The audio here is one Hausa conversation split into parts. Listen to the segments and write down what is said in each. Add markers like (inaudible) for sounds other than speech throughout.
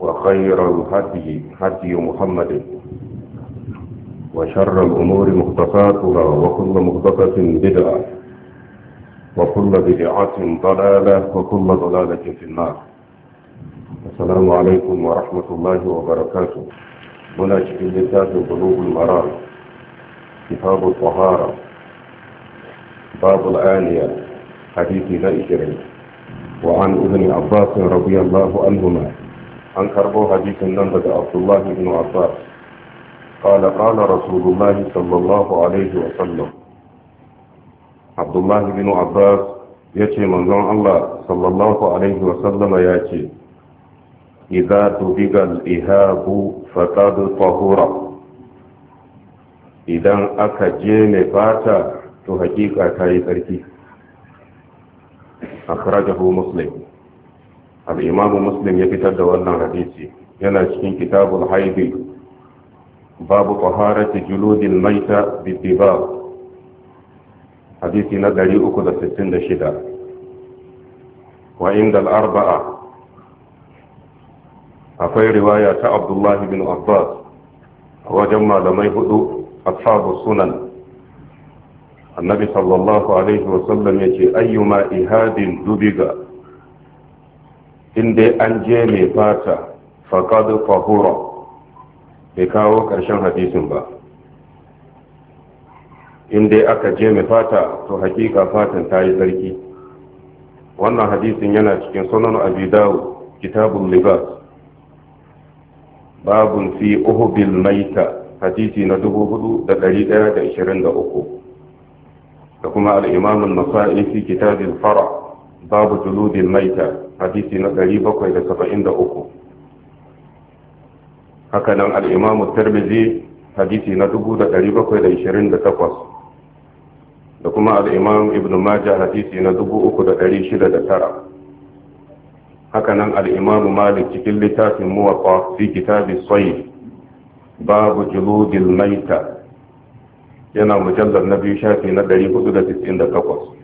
وخير الهدي هدي محمد وشر الأمور مختصاتها وكل مختصة بدعة وكل بدعة ضلالة وكل ضلالة في النار السلام عليكم ورحمة الله وبركاته هنا شكل لسات بلوغ المرام كتاب الطهارة باب الآنية حديث لا وعن ابن عباس رضي الله عنهما an karɓo hadisin nan daga abdullah ibn abbas qala qala rasulullah sallallahu alaihi wa sallam abdullah ibn abbas yace manzon allah sallallahu alaihi wa sallam yace idza tudiga ihabu fatad tahura idan aka je mai fata to haƙiƙa ta yi A akhrajahu muslim al'imamu muslim ya fitar da wannan hadisi yana cikin kitabul haidi babu taharati juludin maita bidiba hadisi na 366 wa inda al'arba'a akwai riwaya ta abdullahi bin Abba. a wajen malamai hudu ashabu sunan annabi sallallahu alaihi wasallam ya ce ayyuma ihadin dubiga in dai an je mai fata faƙadu fahura bai kawo ƙarshen hadisin ba in dai aka je mai fata to hakika fatan ta yi tsarki wannan hadisin yana cikin sunan abidawo kitabun libas babun fi uhubil maita hadisi na 4123 da kuma al'imamun masa'i fi kitabin fara babu juludin maita hadisi na 773 haka nan al'imamu tarbizi hadisi na 728 da kuma al'imam ibn majah hadisi na 3609 haka nan al'imamu malik cikin littafin muwafa fi kitabi soyi babu juludin maita yana mujallar na biyu shafi na 498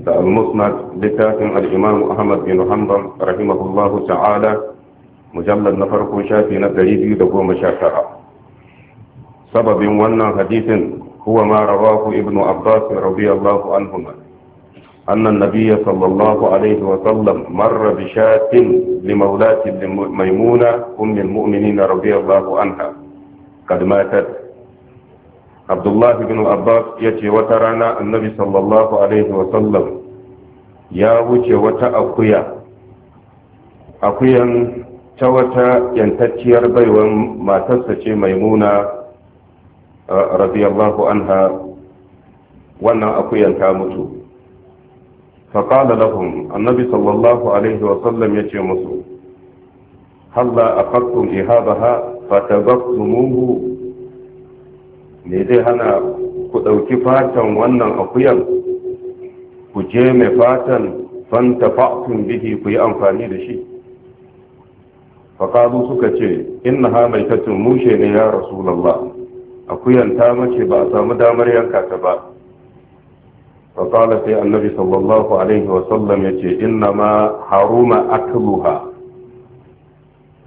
المسند لكاتم الإمام أحمد بن حنبل رحمه الله تعالى مجلد نفر شافي نبريد يدبو مشاكرة سبب ون حديث هو ما رواه ابن عباس رضي الله عنهما أن النبي صلى الله عليه وسلم مر بشاة لمولاة ميمونة أم المؤمنين رضي الله عنها قد ماتت abdullahi bin abbas ya ce wata rana annabi sallallahu alaihi wasallam ya wuce wata akuya akuyan ta wata yantacciyar baiwan matarsa ce maimuna uh, radiyallahu anha wannan akuyan ta mutu faƙala lahum annabi sallallahu alaihi wasallam ya ce musu halla a faktun ihadaha fatabaktumuhu me zai hana ku ɗauki fatan wannan akuyan ku je mai fatan fanta fa'atun bihi ku yi amfani da shi faƙazu suka ce inna ha mai tattun mushe ne ya rasulallah akuyan ta mace ba a samu damar yanka ta ba faƙala sai annabi sallallahu alaihi wasallam ya ce inna ma haruma akluha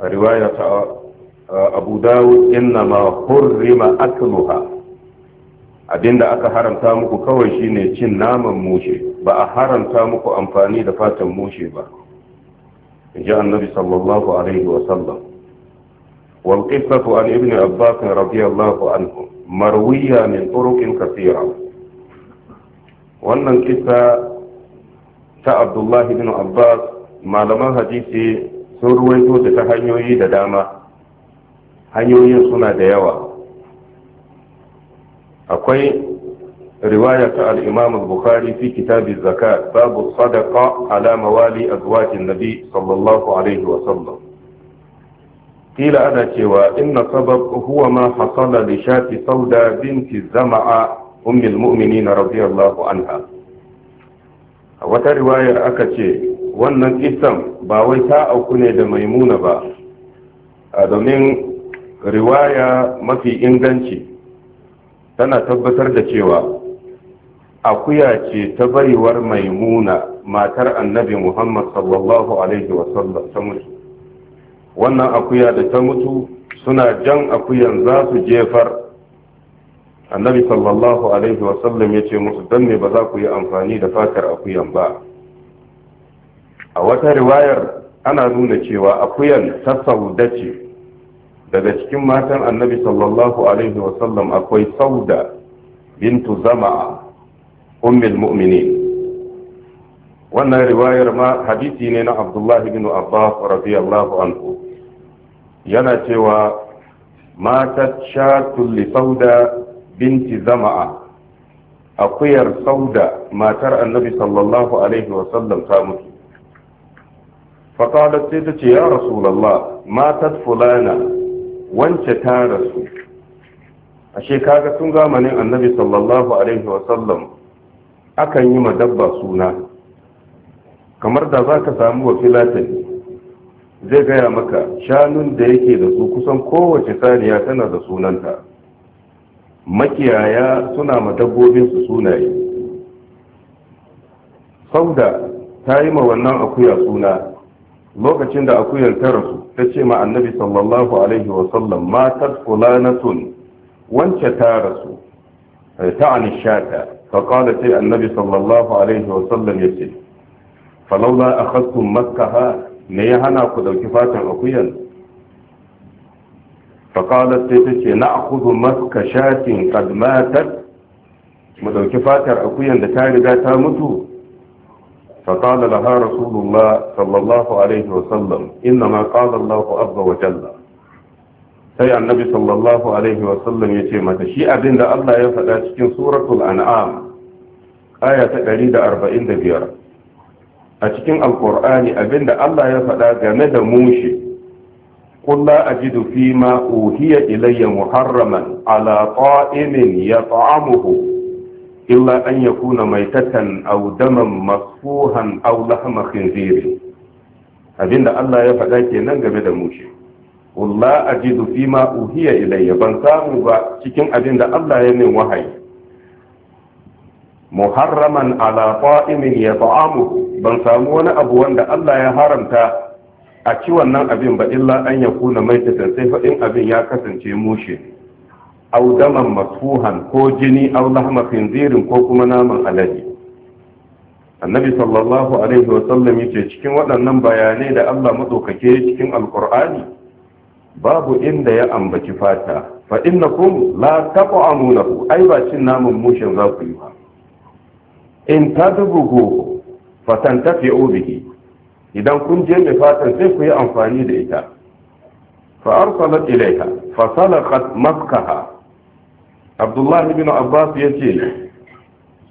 a riwaya ta abu dawud innama hurrima akluha abinda aka haramta muku kawai shine cin naman mushe ba a haramta muku amfani da fatan mushe ba ji annabi sallallahu alaihi wa sallam wal qissatu an ibn abbas radiyallahu anhu marwiya min turuqin kathira wannan kisa ta abdullahi bin abbas malaman hadisi sun ruwaito da ta hanyoyi da dama hanyoyin suna da yawa akwai riwaya ta al bukhari fi kitab az babu sadaqa ala mawali azwajin nabi sallallahu alaihi wa sallam kila ana cewa inna sabab huwa ma hasala li shati sauda binti zama'a ummul na radiyallahu anha a wata riwayar aka ce wannan kisan ba wai ta auku ne da maimuna ba domin riwaya mafi inganci tana tabbatar da cewa akuya ce ta baiwar maimuna matar annabi muhammad sallallahu alaihi wasallam ta mutu wannan akuya da ta mutu suna jan akuyan za su jefar annabi sallallahu alaihi wasallam ya ce musu dan me ba za ku yi amfani da fatar akuyan ba a wata riwayar ana nuna cewa akuyan ta sauda ce daga cikin matan annabi sallallahu alaihi wasallam akwai sauda bintu zama ummul mu'minin wannan riwayar ma hadisi ne na abdullahi bin abbas radiyallahu anhu yana cewa matat shatul li sauda binti zama'a akuyar sauda matar annabi sallallahu alaihi wasallam ta mutu فقالت سيدتي يا رسول الله ماتت fulana. wance ta rasu A shekara tun zamanin annabi sallallahu alaihi wasallam akan yi madabba suna kamar da za ka samu wa filatani zai gaya maka shanun da yake da su kusan kowace saniya tana da sunanta makiyaya suna madabbobinsu sunaye sauda ta yi ma wannan akuya suna lokacin da akuyar ta rasu ta ce ma annabi sallallahu alaihi wasallam matar fulanatun wance ta rasu ta anishata faƙada sai annabi sallallahu alaihi wasallam ya ce falaula a khastun makaha me ya hana ku ɗauki fatan akuyar faƙada sai ta ce na akudu maska shatin kadmatar mu ɗauki fatar akuyan da ta riga ta mutu فقال لها رسول الله صلى الله عليه وسلم إنما قال الله عز وجل sai annabi sallallahu alaihi wasallam ya ce mata shi abinda da Allah ya faɗa cikin suratul an'am Kaya ta ɗari da da arba'in biyar. a cikin alkur'ani abin da Allah ya faɗa game da mushi kulla ajidu fi ma uhiya ilayya muharraman ala ya yat'amuhu illa an yakuna maitatan aw daman masfuhan aw lahma khinzir abinda Allah ya faɗa kenan game da mushi walla ajidu ma uhiya ilayya ban samu ba cikin abinda Allah ya min wahayi muharraman ala ta'imin yat'amuhu ban samu wani abu wanda Allah ya haramta a ci wannan abin ba illa an yakuna maitatan sai fa abin ya kasance mushi. au daman masuhan ko jini au lahma khinzirin ko kuma naman alade annabi sallallahu alaihi wa sallam yace cikin waɗannan bayanai da Allah madaukake cikin alqur'ani babu inda ya ambaci fata fa innakum la taqamunahu ai ba cin naman mushin za ku yi ba in tadbuhu fa tantafi'u bihi idan kun je mai fatan sai ku yi amfani da ita fa فأرسلت fa salaqat مسكها abdullahi bin abbas ya ce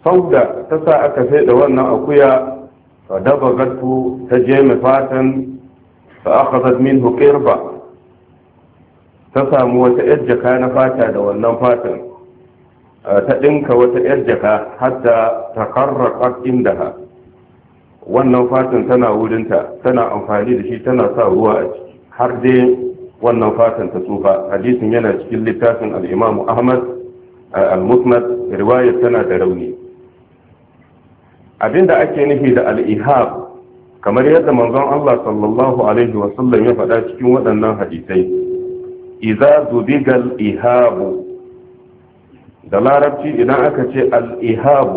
sau da ta sa aka sai da wannan akuya fa daba gatu ta je fatan fa akhazat minhu qirba ta samu wata yar jaka na fata da wannan fatan ta ɗinka wata yar jaka hatta inda ha. wannan fatan tana wurinta tana amfani da shi tana sa ruwa a ciki har dai wannan fatan ta tsufa hadisin yana cikin littafin al-Imam Ahmad al-musnad riwayar tana da rauni abinda ake nufi da al-ihab kamar yadda manzon Allah sallallahu alaihi wa sallam ya faɗa cikin waɗannan hadisai idza zubiga ihab da larabci idan aka ce al-ihab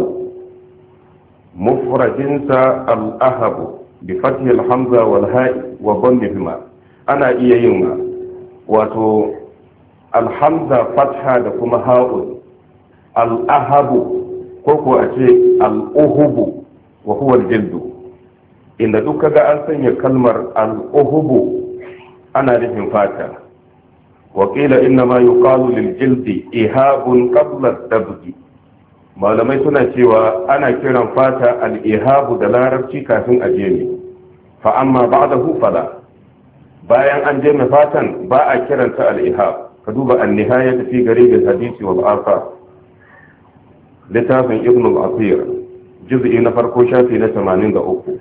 mufradinsa al-ahab bi fathi al-hamza wal ha'i wa dhammihima ana iya yin wato alhamza fatha da kuma hau al'ahabu ko ko a ce al'uhubu wa huwa jildu inda duk kaga an sanya kalmar al'uhubu ana nufin fata Wakila inna ma yuqalu lil jildi ihabun qabla dabgi malamai suna cewa ana kiran fata al ihabu da larabci kafin a jemi fa amma ba'dahu fala bayan an jemi fatan ba a kiranta al ihab ka duba an nihaya fi gari da hadisi wa asar littafin ibn al juz'i na farko shafi na 83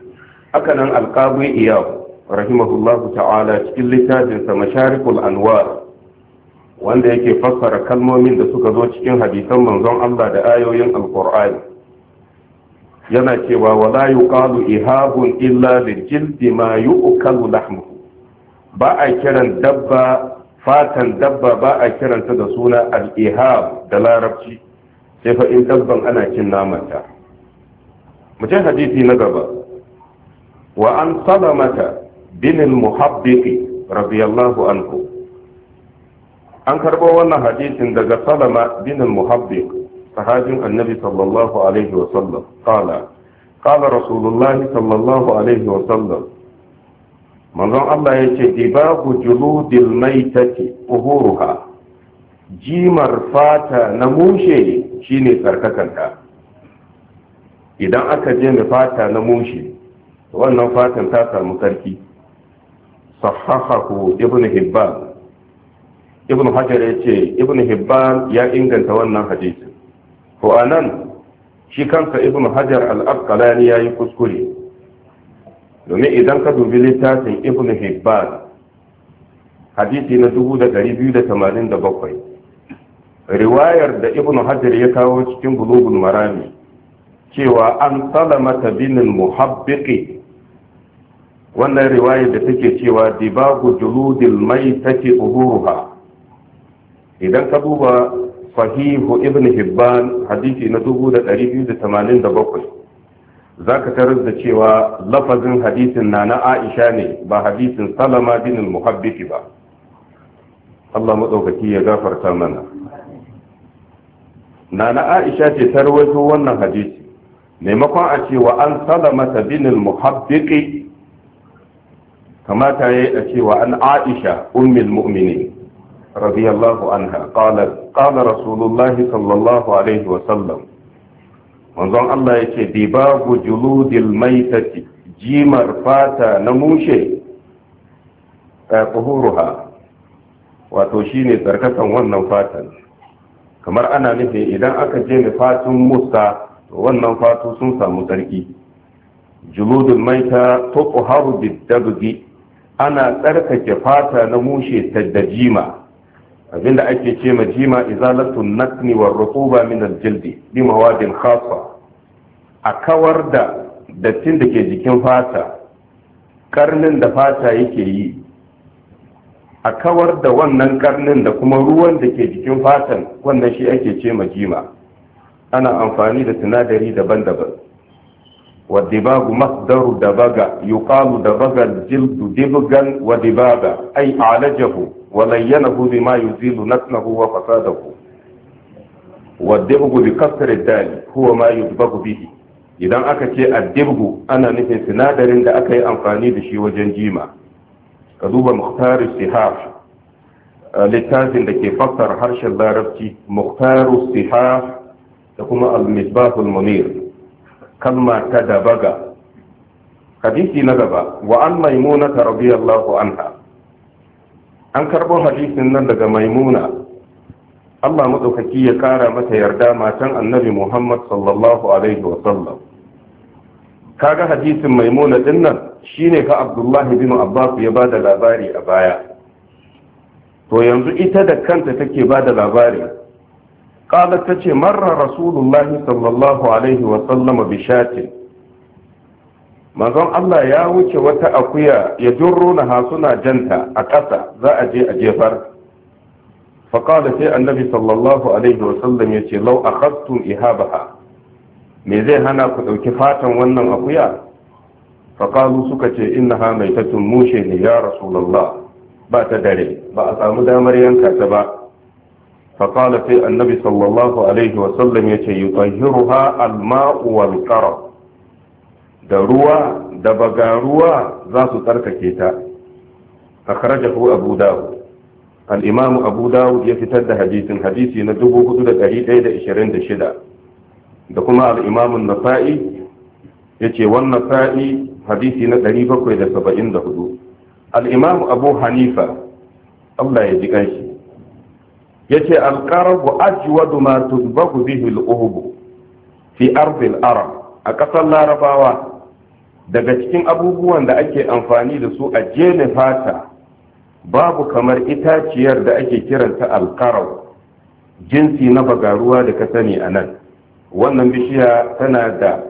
haka nan alqabi iyab rahimahullahu ta'ala cikin littafin sa masharikul anwar wanda yake fassara kalmomin da suka zo cikin hadisan manzon Allah da ayoyin alqur'ani yana cewa wala yuqalu ihabun illa lil jildi ma yu'kalu lahmuhu ba a kiran dabba fatan dabba ba a kiranta da suna al ihab da larabci sai fa in dabban ana cin namanta mu hadisi na gaba wa an salamata bin al-muhabbiqi radiyallahu anhu an karbo wannan hadisin daga salama binin muhabbik sahajin annabi sallallahu alaihi wa sallam qala qala rasulullahi sallallahu alaihi wa sallam manzon Allah ya ce dibabu juludil maitati uhuruha jimar fata na mushe shine tsarkakanta idan aka je mai fata na mushi wannan fatan ta samu sarki sahahahu ibn hibban ibn hajar ya ce ibn hibban ya inganta wannan hadisin ko anan shi kansa ibn hajar al-asqalani ya yi kuskure domin idan ka dubi littafin ibn hibban hadisi na 2287 riwayar da Ibn hajar ya kawo cikin bulugul marami cewa an salamata binin muhabbiki wannan riwayar da take cewa dibagu juludil mai take uhuruha idan ka duba fahihu ibn hibban hadisi na 287 za ka tarar da cewa lafazin hadisin na na aisha ne ba hadisin salama binin muhabbiki ba Allah maɗaukaki ya gafarta mana nana aisha ce ta rawaito wannan hadisi maimakon a ce wa an salamata binil muhabbiki? kamata yayi a ce wa an aisha ummul mu'minin radiyallahu anha qalat qala rasulullah sallallahu alaihi wa sallam manzon Allah yace dibagu juludil maitati jimar fata na mushe eh, ta wato shine tsarkakan wannan fatan kamar ana nufin idan aka je ni fatun musa wannan fatu sun samu tsarki juludul maita tuqharu bidabgi ana tsarkake fata na mushe ta jima. abinda ake ce ma jima izalatu nakni war rutuba min al-jildi bi mawadin khassa a kawar da dattin da ke jikin fata karnin da fata yake yi a kawar da wannan karnin da kuma ruwan da ke jikin fatan wannan shi ake ce majima ana amfani da sinadari daban-daban wa dibagu masdaru baga yuqalu baga jildu dibgan wa dibaga ay alajahu wa layyanahu bima yuzilu naknahu wa fasadahu wa dibgu bi kasri dali huwa ma yudbagu bihi idan aka ce addibgu ana nufin sinadarin da aka yi amfani da shi wajen jima ka duba muhtar sihaf littafin da ke fassara harshen larabci muhtar sihaf da kuma al-misbahul munir kalma ta dabaga hadisi na gaba wa an maimuna ta radiyallahu anha an karbo hadisin nan daga maimuna Allah maɗaukaki ya kara mata yarda matan annabi Muhammad sallallahu alaihi wa sallam kaga hadisin maimuna din nan shine ka abdullahi bin abbas ya ba da labari a baya to yanzu ita da kanta take ba da labari ta tace marra rasulullahi sallallahu alaihi wa sallama bi manzon Allah ya wuce wata akuya ya jirro na hasuna janta a ƙasa za a je a jefar faƙada sai annabi sallallahu alaihi wasallam ya ce lau a ihabaha me zai hana ku ɗauki fatan wannan akuya faƙalu suka ce inna ha mai tattun mushe ne ya rasulallah ba ta dare ba a samu damar yanka ta ba faƙala sai annabi sallallahu alaihi wasallam ya ce yi alma'u wal da ruwa da bagaruwa za su tsarkake ta ko abu dawud al abu dawud ya fitar da hadisin hadisi na 4126 da kuma al-imam an-nasa'i yace wannan nasa'i hadisi na 774 al-imam abu hanifa Allah ya ji kanshi yace ce qarbu ajwadu ma tuzbahu bihi al fi ardi arab a ƙasar larabawa daga cikin abubuwan da ake amfani da su a jene fata babu kamar itaciyar da ake kiranta alƙarar jinsi na bagaruwa da ka sani a nan wannan bishiya tana da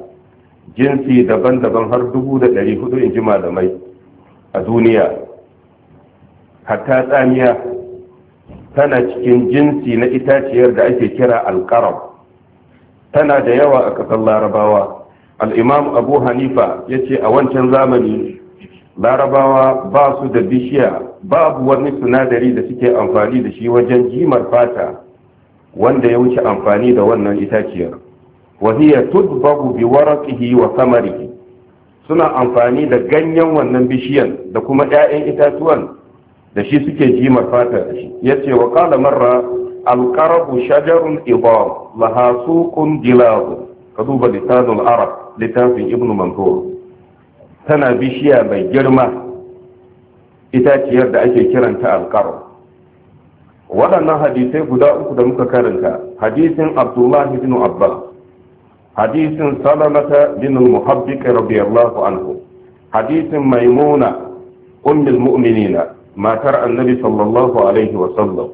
jinsi daban-daban har dubu da ɗari hudu in ji malamai a duniya hatta tsamiya tana cikin jinsi na itaciyar da ake kira alƙaram tana da yawa a ƙasar larabawa al'imam abu hanifa ya ce a wancan zamani larabawa ba su da bishiya babu wani sinadari da suke amfani da shi wajen jimar fata wanda ya wuce amfani da wannan itaciyar wa hiya tudbagu bi wa suna amfani da ganyen wannan bishiyan da kuma 'ya'yan itatuwan da shi suke jimar fata da shi yace wa qala marra alqarabu shajarun idam laha suqun ka duba litanul arab littafin Ibn mansur tana bishiya mai girma itaciyar da ake kiranta alqarab waɗannan hadisai guda uku da muka karanta hadisin abdullahi bin abbas hadisin salamata bin muhabbik anhu hadisin maimuna ummul mu'minina matar annabi sallallahu alaihi wa sallam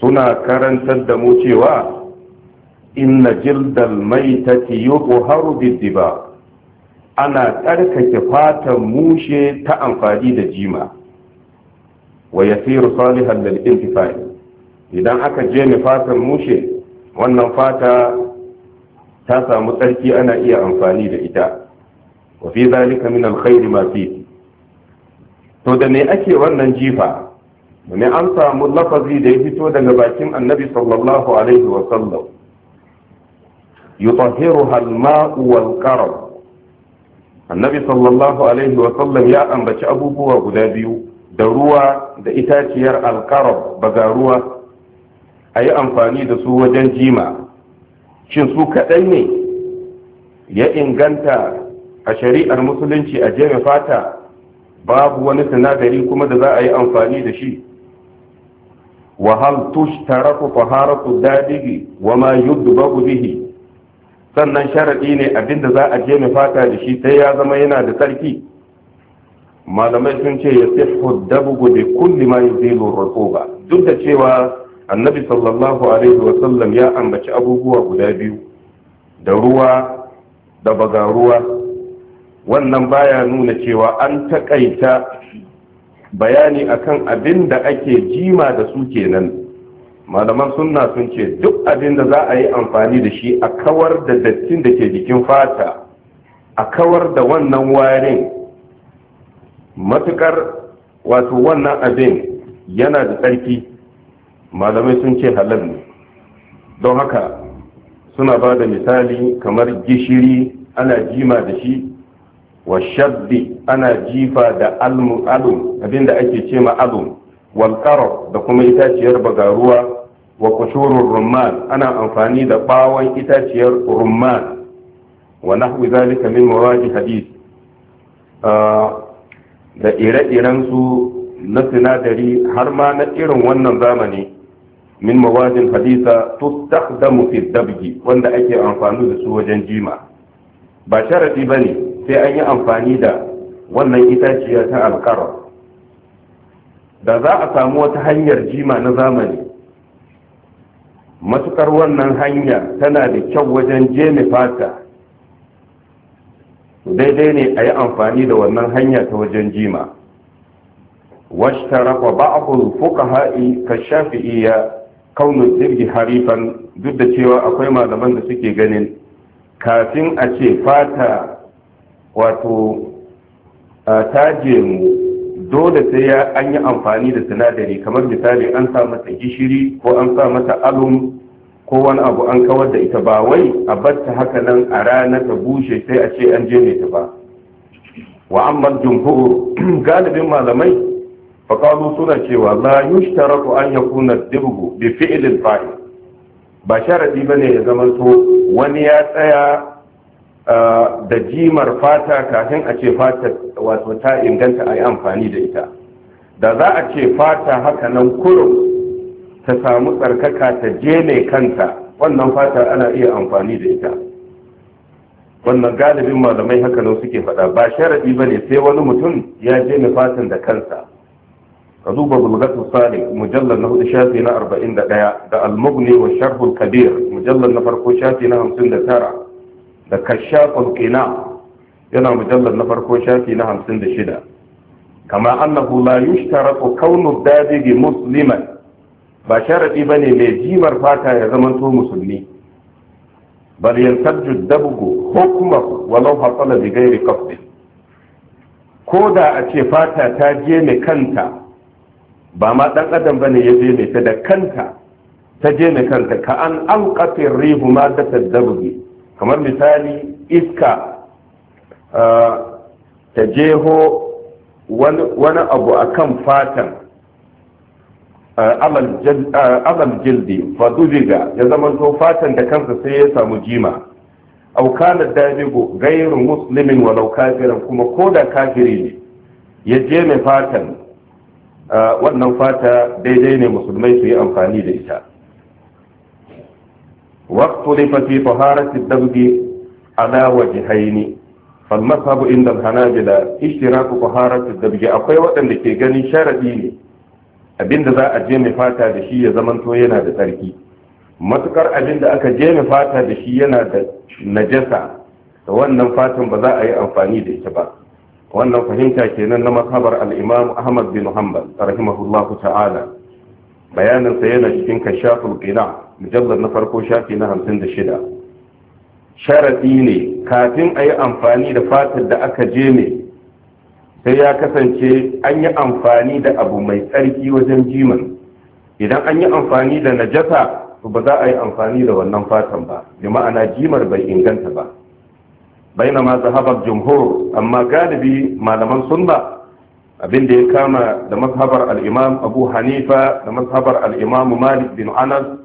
suna karantar da mu cewa inna jildal maitati yuqharu bid-diba ana tsarkake fatan mushe ta amfani da jima wa yasiru salihan lil intifai idan aka je ni fatan mushe wannan fata ta samu tsarki ana iya amfani da ita wa fi zalika min alkhairi ma fi to da me ake wannan jifa domin an samu lafazi da ya fito daga bakin annabi sallallahu alaihi wa sallam yutahhiruha al-ma'u wal karam annabi sallallahu alaihi wa sallam ya ambaci abubuwa guda biyu da ruwa da itaciyar alkarab baga a yi amfani da su wajen jima shin su kaɗai ne ya inganta a shari'ar musulunci a jere fata babu wani sinadari kuma da za a yi amfani da shi wahal tushtaraku faharatu dadigi wa ma yudbagu bihi sannan sharaɗi ne abinda za a jeme fata da shi sai ya zama yana da tsarki malamai sun ce ya sihu dabugu da kulli ma yuzilu ba. duk da cewa annabi sallallahu alaihi wasallam ya ambaci abubuwa guda biyu da ruwa da bagaruwa wannan baya nuna cewa an takaita bayani akan abin da ake jima da su kenan malaman sunna sun ce duk abin da za a yi amfani da shi a kawar da dattin da ke jikin fata a kawar da wannan warin matukar wato wannan abin yana da tsarki malamai sun ce halal ne don haka suna ba da misali kamar gishiri ana jima da shi wa shabbi ana jifa da almu alum abinda ake ce ma alum wal da kuma itaciyar bagaruwa wa kushurur rumman ana amfani da bawon itaciyar rumman wa nahwi zalika min muradi hadith ah, da ire-iren su na sinadari har ma na irin wannan zamani min mawadin hadisa tustakhdamu fi dabgi wanda ake amfani da su wajen jima ba sharadi bane sai an yi amfani da wannan itaciya ta alqarar da za a samu wata hanyar jima na zamani matukar wannan hanya tana da kyau wajen jeme fata daidai ne a yi amfani da wannan hanya ta wajen jima washtaraka ba'dhu fuqaha'i ka iya? kaunin jirgi harifan duk da cewa akwai malaman da suke ganin kafin a ce fata wato ta mu dole sai ya an yi amfani da sinadari kamar misali an sa mata gishiri ko an sa mata alum ko wani abu an kawar da ita ba wai a batta haka nan a rana ta bushe sai a ce an je ta ba wa amma jumhur (clears throat) galibin malamai fakalu suna cewa la yushtaratu an yakuna dirbu bi fi'lil fa'il ba sharadi bane ya zama to wani ya tsaya da jimar fata kafin a ce fata wato ta inganta a yi amfani da ita da za a ce fata haka nan kurum ta samu tsarkaka ta je ne kanta wannan fata ana iya amfani da ita wannan galibin malamai haka nan suke faɗa ba sharadi bane sai wani mutum ya je ne fatan da kansa عذوب ابو الغزو الثاني مجلد نهود شاتي نهر بإن دا دا المغني والشرح الكبير مجلد نفر كوشاتي نهم سند سارة دا كشاف القناع ينا مجلد نفر كوشاتي نهم سند شدة كما أنه لا يشترط كون الدادي مسلما بشارة إبني لجيم الفاتحة يزمن تو مسلمي بل ينسج الدبق حكمه ولو حصل بغير قصد كودا أتشفاتا تاجيني كنتا ba ma dan adam bane ya je ne ta da kanta ta je ne kanta ka an alqatir rihu ma da tadabubi kamar misali iska ta jeho wani abu akan fatan amal jildi fadubiga ya zama to fatan da kansa sai ya samu jima au kana dabigo gairu muslimin walau kafiran kuma koda kafiri ne ya je mai fatan wannan fata daidai ne musulmai su yi amfani da ita waqtu li fi taharati dabbi ala wajhaini fal mazhabu inda al-hanabila ishtiraku taharati dabbi akwai waɗanda ke ganin sharadi ne abinda za a je mai fata da shi ya to yana da tsarki matukar abinda aka je mai fata da shi yana da najasa da wannan fatan ba za a yi amfani da ita ba wannan fahimta kenan na makabar al ahmad bin hanbal rahimahullahu ta'ala bayanin sa yana cikin kashaful qina mujallad na farko shafi na 56 sharadi ne kafin ayi amfani da fatar da aka je ne sai ya kasance an yi amfani da abu mai tsarki wajen jiman idan an yi amfani da najasa ba za a yi amfani da wannan fatan ba bi ma'ana jimar bai inganta ba bainama zahabar jumhur amma galibi malaman sunna abin da ya kama da mazhabar al'imam abu hanifa da mazhabar al malik bin anas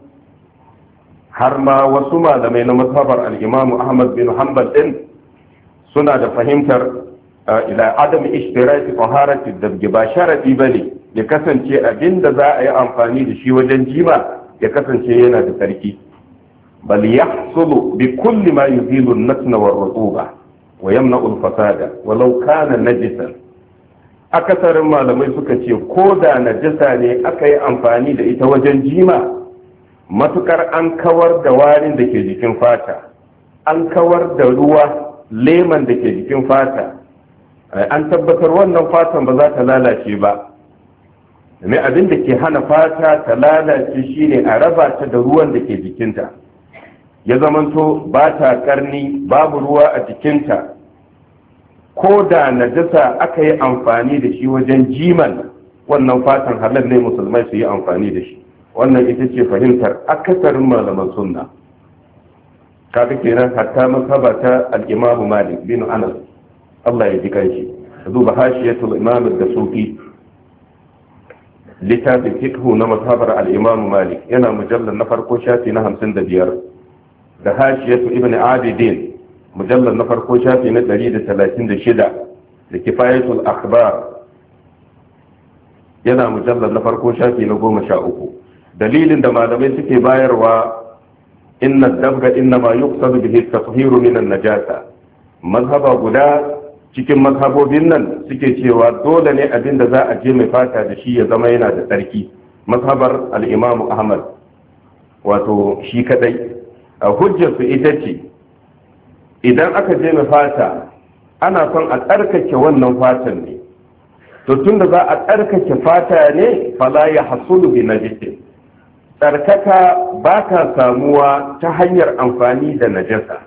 har ma wasu malamai na mazhabar al ahmad bin hanbal din suna da fahimtar ila adam ishtiraki taharati dabge ba sharadi bane ya kasance abin da za a yi amfani da shi wajen jima ya kasance yana da sarki bal yahsulu bi kulli ma yuzilu an-nasna war-rutuba wa yamna'u al-fasada walau kana najisan akasarin malamai suka ce ko da najasa ne aka yi amfani da ita wajen jima matukar an kawar da warin da ke jikin fata an kawar da ruwa leman da ke jikin fata an tabbatar wannan fatan ba za ta lalace ba domin abin da ke hana fata ta lalace shine a raba ta da ruwan da ke jikinta ya zamanto ba ta karni babu ruwa a jikinta ko da najasa aka yi amfani da shi wajen jiman wannan fatan halal ne musulmai su yi amfani da shi wannan ita ce fahimtar akasarin malaman sunna kaga kenan hatta masaba ta al-imam malik bin anas Allah ya ji kanshi zuba hashiyatul imam da sufi littafin fiqhu na masabar al-imam malik yana mujallar na farko shafi na 55 da hashiyatu ibn abidin mujallar na farko shafi na 136 da kifayatul akhbar yana mujallar na farko shafi na 13 dalilin da malamai suke bayarwa inna dabga inna ma yuqsadu bihi tatheeru min najasa mazhaba guda cikin mazhabobin nan suke cewa dole ne abinda za a je mai fata da shi ya zama yana da tsarki mazhabar al-imam ahmad wato shi kadai a hujjarsu ita ce idan aka je na fata ana son a tsarkake wannan fatan ne to tun da za a tsarkake fata ne fala ya hasulu bi najisin tsarkaka ba ka samuwa ta hanyar amfani da najasa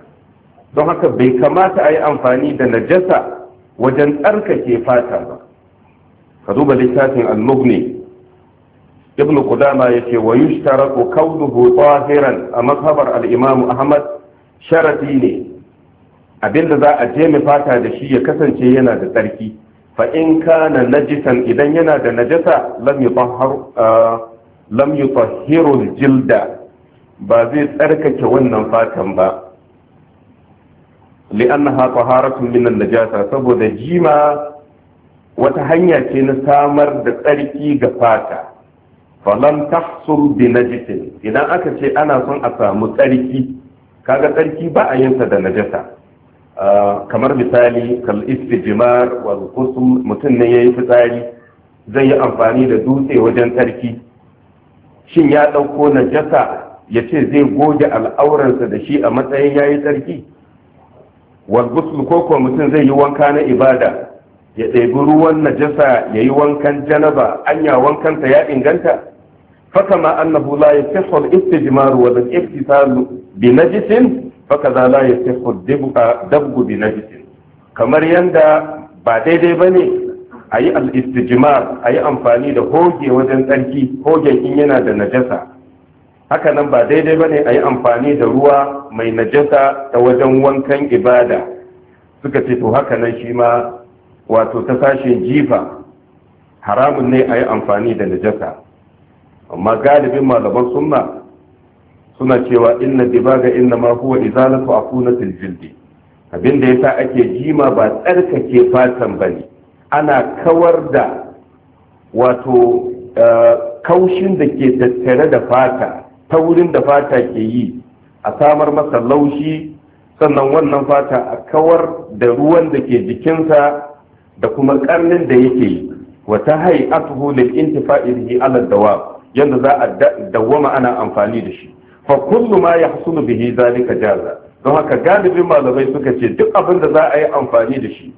don haka bai kamata a yi amfani da najasa wajen tsarkake fata ba ka duba littafin al-mughni ibn qudama yace wa yushtaratu qawluhu tahiran a mazhabar al-imam ahmad sharadi ne abinda za a je fata da shi ya kasance yana da tsarki fa in kana najisan idan yana da najasa lam yutahhar lam yutahhiru al-jilda ba zai tsarkake wannan fatan ba li'annaha taharatun min an-najasa saboda jima wata hanya ce na samar da tsarki ga fata Falan tahsur bi najisin idan aka ce ana son a samu tsarki kaga tsarki ba a yinsa da najasa ah, kamar misali kal istijmar wa qusm mutum ne yayi fitsari zai yi amfani da dutse wajen tsarki shin ya dauko najasa ya ce zai goge al'auransa da shi a matsayin yayi tsarki wal ghusl ko mutum zai yi wanka na ibada ya ɗebi ruwan najasa ya yi wankan janaba anya wankanta ya inganta فكما أنه لا يصح الاستجمار ولا الاغتسال بنجس فكذا لا يصح الدبغ بنجس كما يندى بعدين بني أي الاستجمار أي أنفاني ده هوجي وزن تركي هوجي إن ينا ده نجسة haka nan ba daidai ba ne a yi amfani da ruwa mai najasa ta wajen wankan ibada suka ce to haka shi ma wato ta sashen jifa haramun ne a yi amfani da najasa amma galibin malaman sunna suna cewa inna dibaga inna ma huwa izalatu afunatil jildi abinda yasa ake jima ba tsarkake fatan bane ana kawar da wato eh, kaushin da ke tattare da fata ta wurin da fata ke yi a samar masa laushi sannan wannan fata a kawar da ruwan da ke jikinsa da kuma karnin da yake yi wata hai atuhu lil intifa'i bihi ala dawab yanda za a dawwama ana amfani da shi fa kullu ma yahsulu bihi zalika jaza don haka galibin malamai suka ce duk abin da za a yi amfani da shi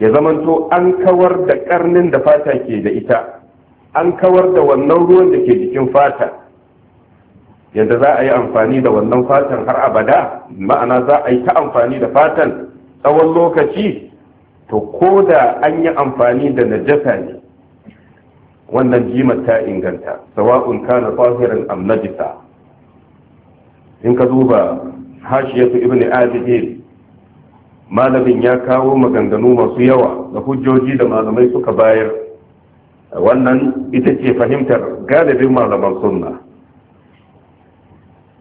ya zamanto an kawar da karnin da fata ke da ita an kawar da wannan ruwan da ke jikin fata yadda za a yi amfani da wannan fatan har abada ma'ana za a yi ta amfani da fatan tsawon lokaci to ko da an yi amfani da najasa ne wannan jimar ta inganta sawa'un kana tahiran am najisa in ka duba hashiyatu ibn abidin malamin ya kawo maganganu masu yawa da hujjoji da malamai suka bayar wannan ita ce fahimtar galibin malaman sunna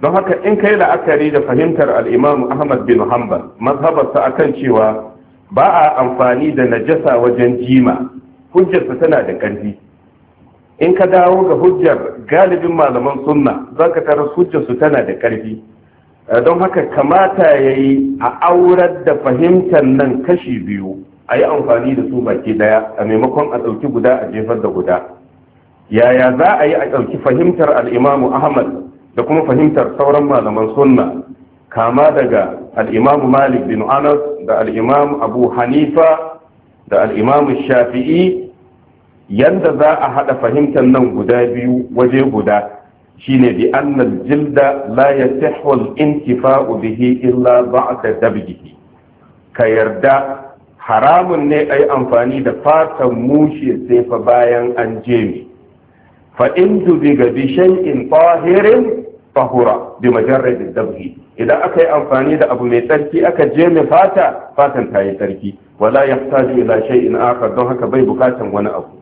don haka in kai la'akari da fahimtar alimam ahmad bin hanbal mazhabarsa akan cewa ba a amfani da najasa wajen jima hujjarsa tana da ƙarfi in ka dawo ga hujjar galibin malaman sunna za ka tara hujjar su tana da karfi eh, don haka kamata ya yi a aurar da fahimtar nan kashi biyu a yi amfani da su baki daya a maimakon a ɗauki guda a jefar da guda yaya za a yi a ɗauki fahimtar al'imamu ahmad da kuma fahimtar sauran malaman sunna kama daga al'imamu malik bin anas da al'imamu abu hanifa da al'imamu shafi'i yanda za a haɗa fahimtar nan guda biyu waje guda shine bi annal jilda la yasihu al intifa'u bihi illa ba'da dabgihi ka yarda haramun ne ayi amfani da fatan mushe sai fa bayan an jemi fa in dubiga bi shay'in tahirin fahura bi majarrad dabhi idan aka yi amfani da abu mai tsarki aka jemi fata fatan ta yi tsarki wala yahtaju ila shay'in akhar don haka bai bukatan wani abu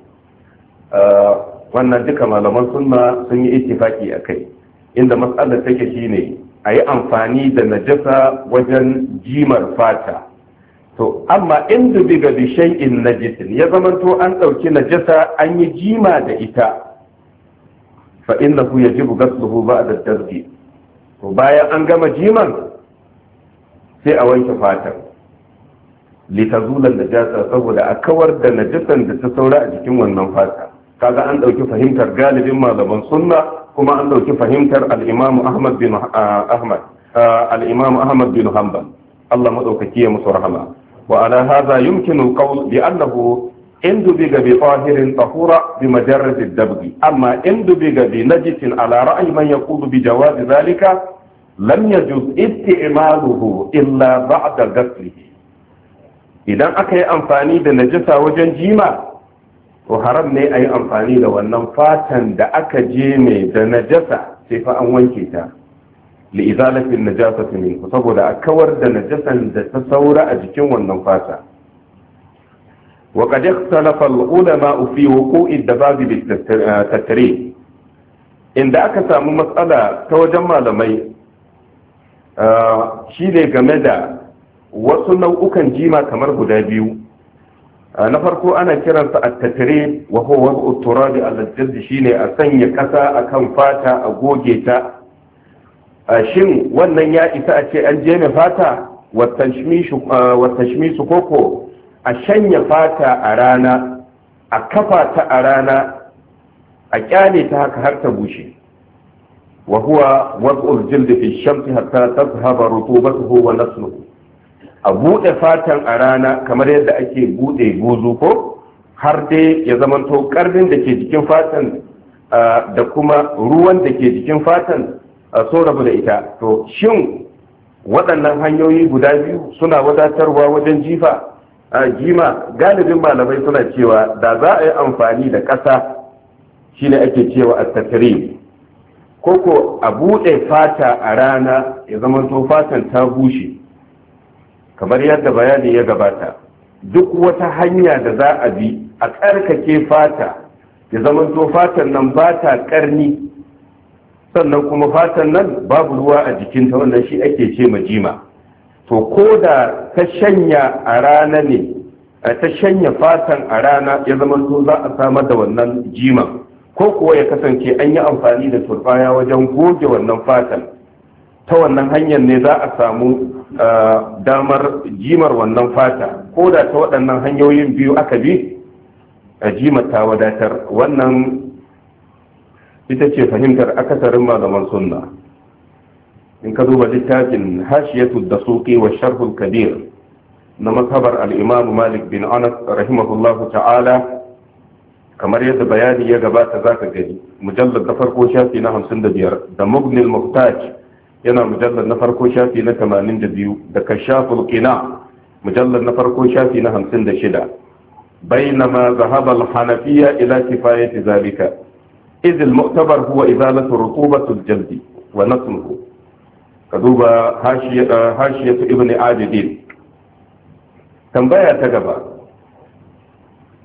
wannan duka malaman sunna sun yi ittifaki a kai inda matsalar take shine a yi amfani da najasa wajen jimar fata to amma in dubiga bi shay'in najisin ya zamanto an ɗauki najasa an yi jima da ita fa innahu yajibu ghasluhu ba'da da dabbi to bayan an gama jiman sai a wanke fatan litazulan najasa saboda a kawar da najasan da ta saura a jikin wannan fata kaga an ɗauki fahimtar galibin malaman sunna kuma an ɗauki fahimtar al'imamu ahmad bin ah, ahmad ah, al'imamu ahmad bin hanbal Allah madaukaki ya musu rahama wa ala hadha yumkinu alqawl bi annahu indubi ga bi tahirin tahura bi majarrad ad amma indubi ga bi najisin ala ra'yi man yaqulu bi jawazi zalika lam yajuz isti'maluhu illa ba'da ghaslihi idan aka yi amfani da najasa wajen jima to haram ne a yi amfani da wannan fatan da aka je ne da najasa sai fa an wanke ta li izalatin najasati min saboda a kawar da najasan da ta saura a jikin wannan fata wa qad ikhtalafa al-ulama fi wuqu'i dabab bil inda aka samu matsala ta wajen malamai ah, shine game da wasu nau'ukan jima kamar guda biyu na farko ana kiransa a tattare wa huwa turabi al shine a sanya kasa akan fata a goge ta shin wannan ya isa a ce an jeme fata wa su koko a shanya fata a rana a kafa ta a rana a kyale ta haka har ta bushe wa huwa wad'ul jildi fi shamsi hatta tazhaba rutubatuhu wa nasu. a bude fatan a rana kamar yadda ake bude guzu ko har dai ya to karfin da ke jikin fatan da kuma ruwan da ke jikin fatan so rabu da ita to shin waɗannan hanyoyi guda biyu suna wadatarwa wajen jifa a jima galibin malamai suna cewa da za a yi amfani da ƙasa shine ake cewa a tattare koko a bude fata a rana ya zamanto fatan ta bushe kamar yadda bayani ya gabata duk wata hanya da za a bi a ƙarkake fata ya zamanto fatan nan ba ta karni sannan kuma fatan nan babu ruwa a jikinta wannan shi ake ce majima to ko da ta shanya a rana ne ta shanya fatan a rana ya zamanto za a samar da wannan jima ko kuwa ya kasance an yi amfani da turbaya wajen goge wannan fatan ta wannan hanyar ne za a samu damar jimar wannan fata ko da ta waɗannan hanyoyin biyu aka bi a jimata wadatar wannan ita ce fahimtar akasarin malaman sunna in ka duba littafin hashiyatu da suƙi wa sharhul kabir na makabar al'imamu malik bin anas rahimahullahu ta'ala kamar yadda bayani ya gabata za ka gani mujallar da farko shafi na 55 da mugnil muhtaj yana mujallar na farko shafi na 82 da kashaful qina mujallar na farko shafi na 56 bainama zahaba al-hanafiyya ila kifayati zalika idh al-mu'tabar huwa izalatu rutubati al-jald wa nasmuhu kaduba hashiyatu hashiyatu ibn ajidin tambaya ta gaba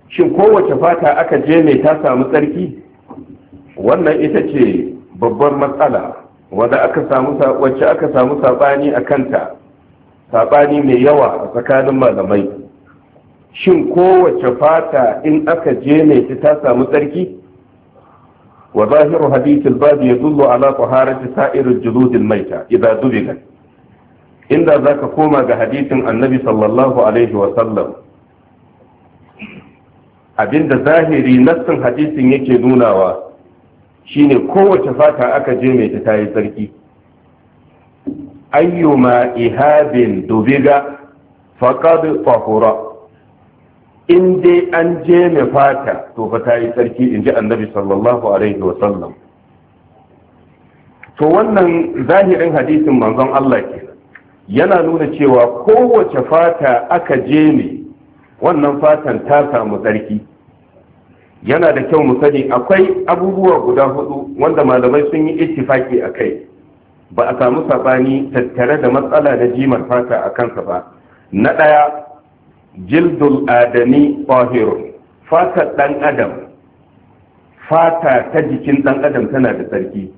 shin kowace fata aka je ne ta samu tsarki wannan ita ce babbar matsala wadda aka samu wacce aka samu sabani a kanta mai yawa a tsakanin malamai shin kowace fata in aka je mai ta samu tsarki wa zahiru hadithul babu yadullu ala taharati sa'irin juludil maita idza dubigan. inda zaka koma ga hadisin annabi sallallahu alaihi wa sallam abinda zahiri nassin hadisin yake nunawa shine kowace fata aka je mai ta yi sarki ayyuma ihabin dubiga faqad tahura in dai an je mai fata to fa yi sarki in ji annabi sallallahu alaihi wa sallam to wannan zahirin hadisin manzon Allah ke yana nuna cewa kowace fata aka je mai wannan fatan ta samu tsarki yana da kyau mu sani akwai abubuwa guda hudu wanda malamai sun yi ittifaki a kai ba a samu sabani tattare da matsala na jimar fata a kansa ba na ɗaya jildul adami ƙwahirun fatar ɗan adam fata ta jikin ɗan adam tana da tsarki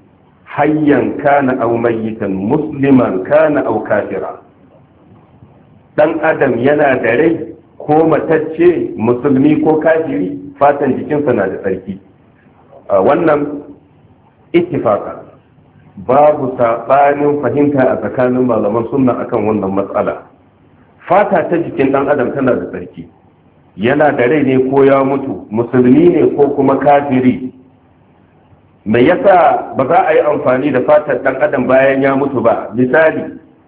hayyan kana au mayyitan musliman kana au kafira ɗan adam yana da rai ko matacce musulmi ko kafiri fatan jikinsa na da tsarki wannan ittifaka babu saɓanin fahimta a tsakanin malaman sunna akan wannan matsala fata ta jikin ɗan adam tana da tsarki yana da rai ne ko ya mutu musulmi ne ko kuma kafiri me yasa ba za a yi amfani da fatar ɗan adam bayan ya mutu ba misali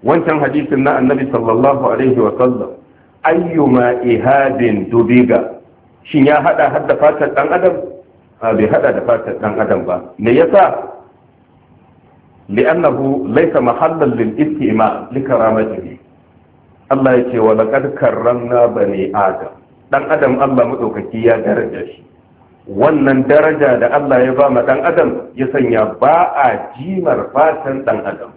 wancan hadisin na annabi sallallahu alaihi wa sallam ayyuma ihadin dubiga shin ya hada har da fatar dan adam bai hada da fatar dan adam ba me yasa li'annahu laysa mahallan lil istima li karamatihi Allah yake wa laqad karramna bani adam dan adam Allah madaukaki ya daraja shi wannan daraja da Allah ya ba ma dan adam ya sanya ba a jimar fatan dan adam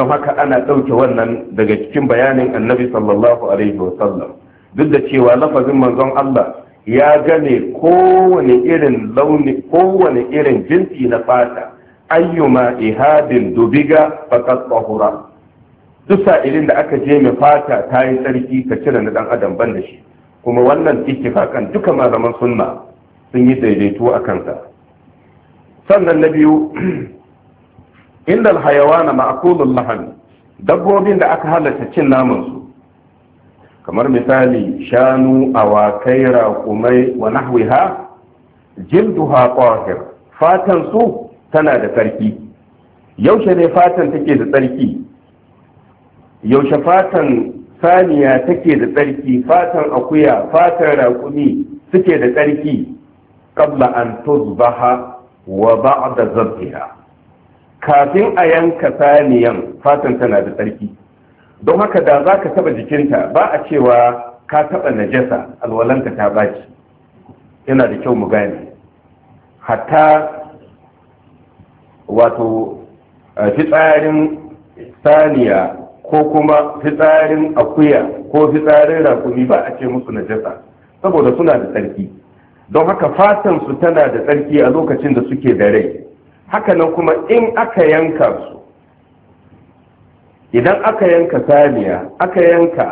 don haka ana ɗauke wannan daga cikin bayanin annabi sallallahu alaihi wasallam duk da cewa lafazin manzon Allah ya gane kowane irin launi kowane irin jinsi na fata ayyuma ihadin dubiga faqad tahura duk sa'ilin da aka je mai fata ta yi tsarki ka cire na dan adam ban da shi kuma wannan ittifakan duka malaman sunna sun yi daidaito a kansa sannan na biyu (clears throat) inda alhayawana ma'akulun lahan dabbobin da aka halatta cin namansu kamar misali shanu awakai raƙumai wa nahwiha jilduha qahir fatan su tana da tsarki yaushe ne fatan take da tsarki yaushe fatan saniya take da tsarki fatan akuya fatan raƙumi suke da tsarki qabla an tuzbaha wa ba'da zabbiha kafin a yanka saniyan fatan tana da tsarki don haka da za ka taba jikinta ba a cewa ka taba najasa alwalanta ta baci yana da kyau mu gane hatta wato fitsarin saniya ko kuma fitsarin akuya ko fitsarin rakumi ba a ce musu najasa saboda suna da tsarki don haka fatan su tana da tsarki a lokacin da suke da rai hakanan kuma in aka yanka su idan aka yanka saniya aka yanka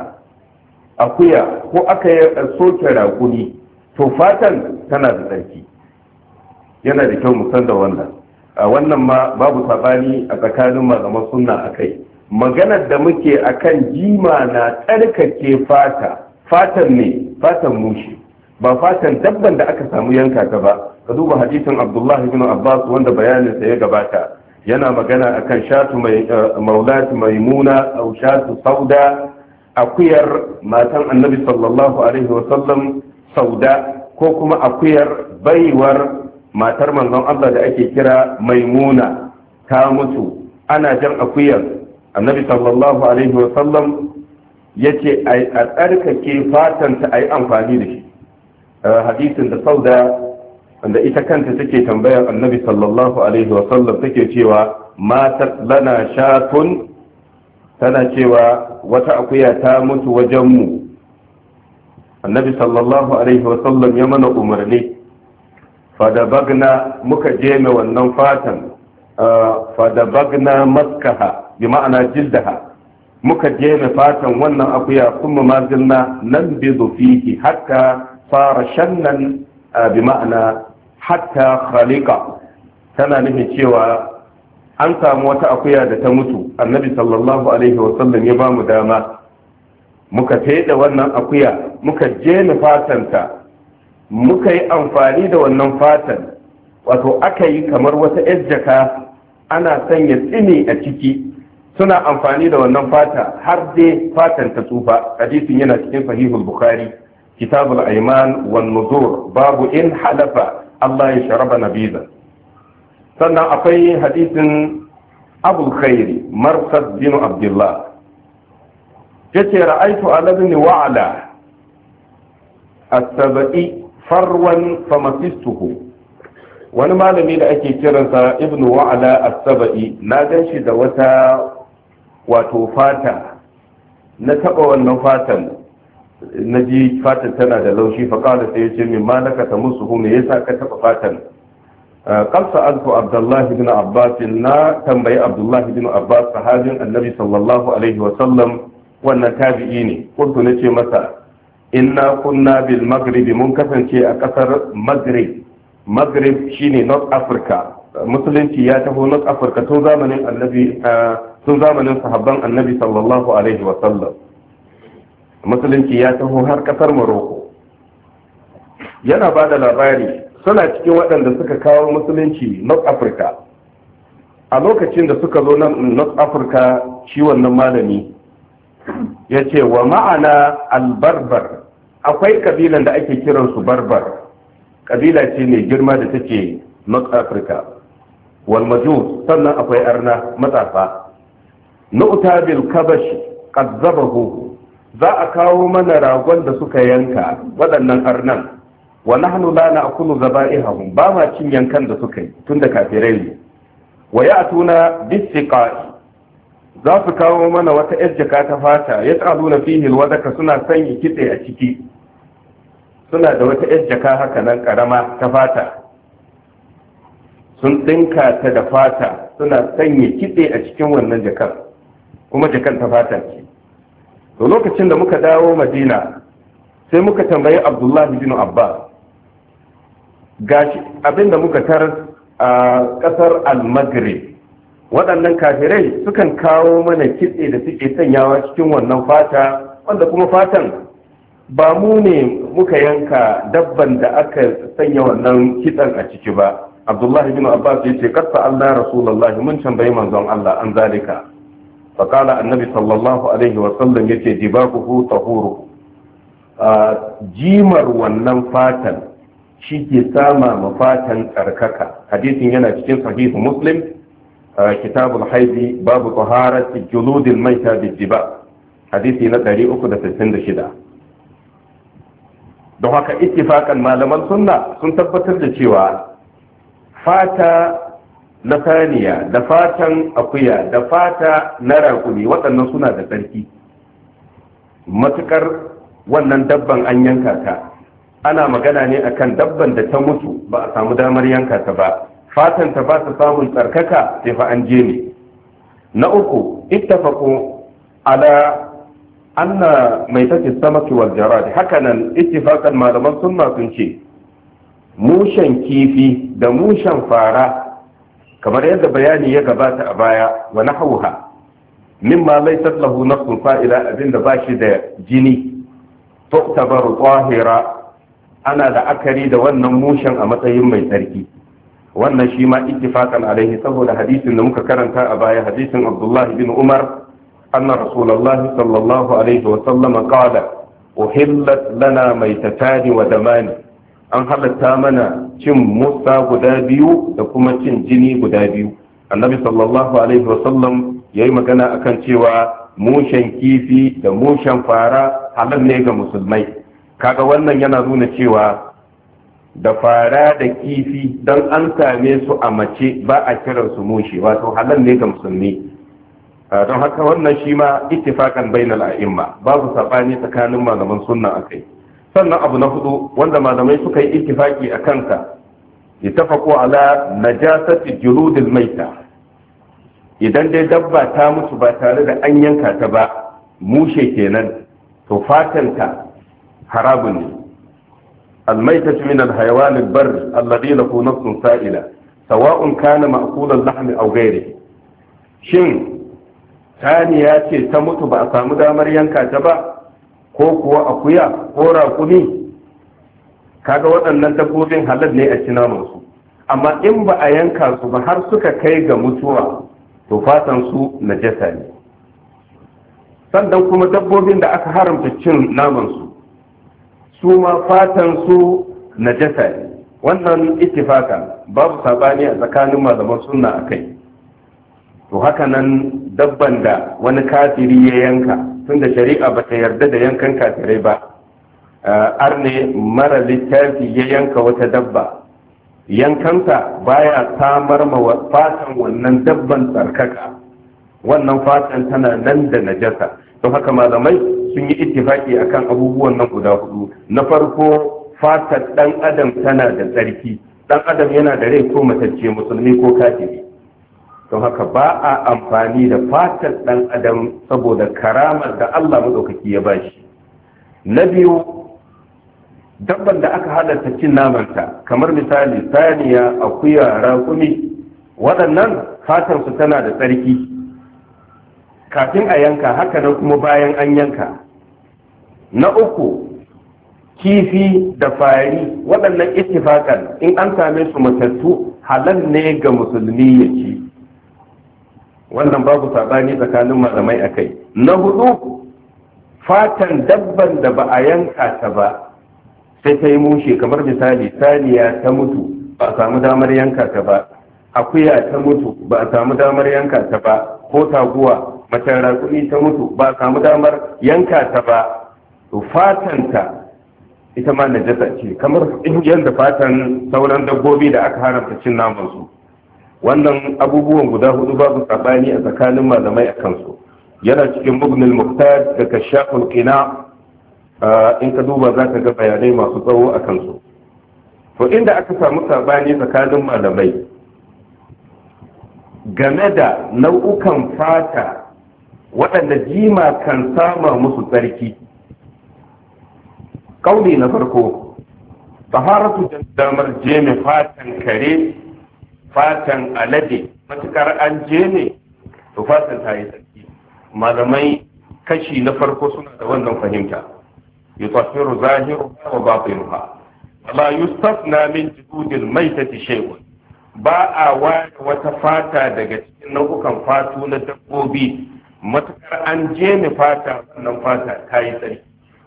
akuya ko aka eh, soke rakuni to fatan tana da tsarki yana da kyau musan da wannan a wannan ma babu sabani a tsakanin malaman sunna akai maganar da muke akan jima na tsarkake fata fatan ne fatan mushi ba fatan dabban da aka samu yanka ta ba ka duba hadisin abdullahi bin abbas wanda bayaninsa ya gabata yana magana akan shatu mai eh, maimuna au shatu sauda akuyar matan annabi sallallahu alaihi wasallam sauda ko kuma akuyar baiwar matar manzon Allah da ake kira maimuna ta mutu ana jan akuyar annabi sallallahu alaihi wasallam ya ce a tsarkake fatanta a yi amfani da shi eh, hadisin da sauda wanda ita kanta take tambayar annabi sallallahu alaihi wa sallam take cewa matat lana shatun tana cewa wata akuya ta mutu wajenmu annabi sallallahu alaihi wa sallam ya mana umarni fadabagna muka jeme wannan fatan fadabagna maskaha bi ma'ana jildaha muka jeme fatan wannan akuya kuma mazilna nan bi fihi hatta fara shannan bi ma'ana hatta khaliqa tana nufin cewa an samu wata akuya da ta mutu annabi sallallahu alaihi wasallam ya ba mu dama muka da wannan akuya muka jeni fatanta muka yi amfani da wannan fatan wato aka yi kamar wata yar jaka ana sanya tsini a ciki suna amfani da wannan fata har dai fatan ta tsufa hadisin yana cikin sahihul bukhari kitabul aiman wan nuzur babu in halafa Allah ya sharaba nabiza sannan akwai hadisin abul khairi marsad bin abdullah yace ra'aytu alabni wa'ala at-tabai farwan famasistuhu wani malami da ake kiransa ibn wa'ala as-saba'i na ganshi da wata wato fata na taba wannan fatan na ji fatan tana da laushi faƙala sai ya ce min ma naka ta musu hu me yasa ka taɓa fatan kamsa ah, alfu abdullahi ibn abbas na tambayi abdullahi ibn abbas sahabin annabi sallallahu alaihi wa sallam wannan tabi'i ne kuntu na ce masa inna kunna bil maghribi mun kasance a ƙasar maghrib maghrib shine north africa musulunci ya taho north africa tun zamanin annabi ah, tun zamanin sahabban annabi sallallahu alaihi wa sallam musulunci ya taho har kasar maroko yana ba da labari suna cikin waɗanda suka kawo musulunci north africa a lokacin da suka zo nan north africa shi malami ya ce wa ma'ana albarbar akwai kabilan da ake kiransu barbar kabila ce mai girma da take north africa wal sannan akwai arna matsafa nu'ta bil kabash qazzabahu za a kawo mana ragon da suka yanka waɗannan arnan wa nahnu la na'kulu zaba'ihum ba ma cin yankan da suka yi tunda kafirai ne wa ya'tuna bisiqa'i za su kawo mana wata yar jaka ta fata ya tsaluna fihi alwadaka suna sanya kitse a ciki suna da wata yar jaka haka nan karama ta fata sun dinka ta da fata suna sanya kitse a cikin wannan jakar kuma jakan ta fata ce to lokacin da muka dawo madina sai muka tambayi abdullahi bin Abba. gashi abinda muka tar a kasar al-maghrib waɗannan kafirai sukan kawo mana kitse da suke sanyawa cikin wannan fata wanda kuma fatan ba mu ne muka yanka dabban da aka sanya wannan kitsen a ciki ba abdullahi bin abbas ya ce karfa allah rasulullahi mun tambayi manzon allah an zalika faƙala annabi sallallahu alaihi wasallam ya ce jibakuhu tahuru jimar wannan fatan shi ke sama ma fatan tsarkaka hadisin yana cikin sahihu muslim kitabul haizi babu taharati juludil maita bijiba hadisi na 366 don haka ittifakan malaman sunna sun tabbatar da cewa fata na saniya da fatan akuya da fata na rakumi waɗannan suna da tsarki Matuƙar wannan dabban an yanka ta ana magana ne akan dabban da ta mutu ba a samu damar yanka ta ba fatan ta ba ta samun tsarkaka sai fa an je ne na uku ittafaqu ala anna mai tafi samaki wal jarad hakanan ittifaqan malaman sunna sun ce mushen kifi da mushen fara kamar yadda bayani ya gabata a baya wa min mimma laysat lahu nafsun fa'ila abinda shi da jini tu'tabaru tahira ana da akari da wannan mushen a matsayin mai tsarki wannan shi ma ittifaqan alaihi saboda hadisin da muka karanta a baya hadisin abdullahi bin Umar anna Rasulullah sallallahu alaihi wa sallama qala uhillat lana maitatani wa damani an halatta mana cin musa guda biyu da kuma cin jini guda biyu annabi sallallahu alaihi wasallam ya yi magana akan cewa mushen kifi da mushen fara halal ne ga musulmai kaga wannan yana nuna cewa da fara da kifi don an same su a mace ba a kiransu mushe wato halal ne ga musulmi don haka wannan shi ma ittifakan bainal a'imma babu sabani tsakanin malaman sunna akai sannan abu na hudu wanda malamai suka yi ittifaki a kansa ittafaqu ala najasati juludil maita idan dai dabba ta mutu ba tare da an yanka ta ba mushe kenan to fatanta harabun ne almaitatu min alhayawan albar alladhi lahu nafsun sa'ila sawa'un kana ma'kulan lahmi aw Shin Sani ya ce ta mutu ba a samu damar yanka ta ba ko kuwa akuya ko rakumi kaga waɗannan dabbobin halal ne a ci namansu amma in ba a yanka su ba har suka kai ga mutuwa to fatan su najasa ne sannan kuma dabbobin da aka haramta cin namansu su ma fatan su najasa ne wannan ittifaka babu sabani a tsakanin malaman sunna akai to haka nan dabban da wani kafiri ya yanka tunda shari'a ba ta yarda da yankan kafirai ba arne mara littafi ya yanka wata dabba yankanta baya samar ma fatan wannan dabban tsarkaka wannan fatan tana nan da najasa don haka malamai sun yi ittifaki akan abubuwan nan guda hudu na farko fatan ɗan adam tana da tsarki Ɗan adam yana da rai ko matacce musulmi ko kafiri don haka ba a amfani da fatan ɗan adam saboda karamar da Allah maɗaukaki ya bashi na biyu dabban da aka halarta cin namanta kamar misali saniya akuya raƙumi waɗannan fatansu tana da tsarki kafin a yanka haka na kuma bayan an yanka na uku kifi da fari waɗannan ittifakan in an same su matattu halal ne ga musulmi ya ci wannan babu saɓani tsakanin malamai a kai na hudu fatan dabban da ba a yanka ta ba sai ta yi mushe kamar misali saniya ta mutu ba a samu damar yanka ta ba akuya ta mutu ba a samu damar yanka ta ba ko taguwa macen raƙumi ta mutu ba a samu damar yanka ta ba to ta ita ma najasa ce kamar yadda fatan sauran dabbobi da aka haramta cin naman su wannan abubuwan guda hudu babu sabani a tsakanin malamai a kansu yana cikin bugnul muktar da kashaful qina uh, in ka duba za ka ga bayanai masu tsawo a kansu to inda aka samu sabani tsakanin malamai game da nau'ukan fata waɗanda jima kan sama musu tsarki kauli na farko taharatu damar jeme fatan kare fatan alade matukar an je ne to fatan ta yi tsarki malamai kashi na farko suna da wannan fahimta yutafiru zahiru wa batinuha wala yustafna min jududil maitati shay'un ba a waya wata fata daga cikin nau'ukan fatu na dabbobi matukar an je ne fata wannan fata ta yi tsarki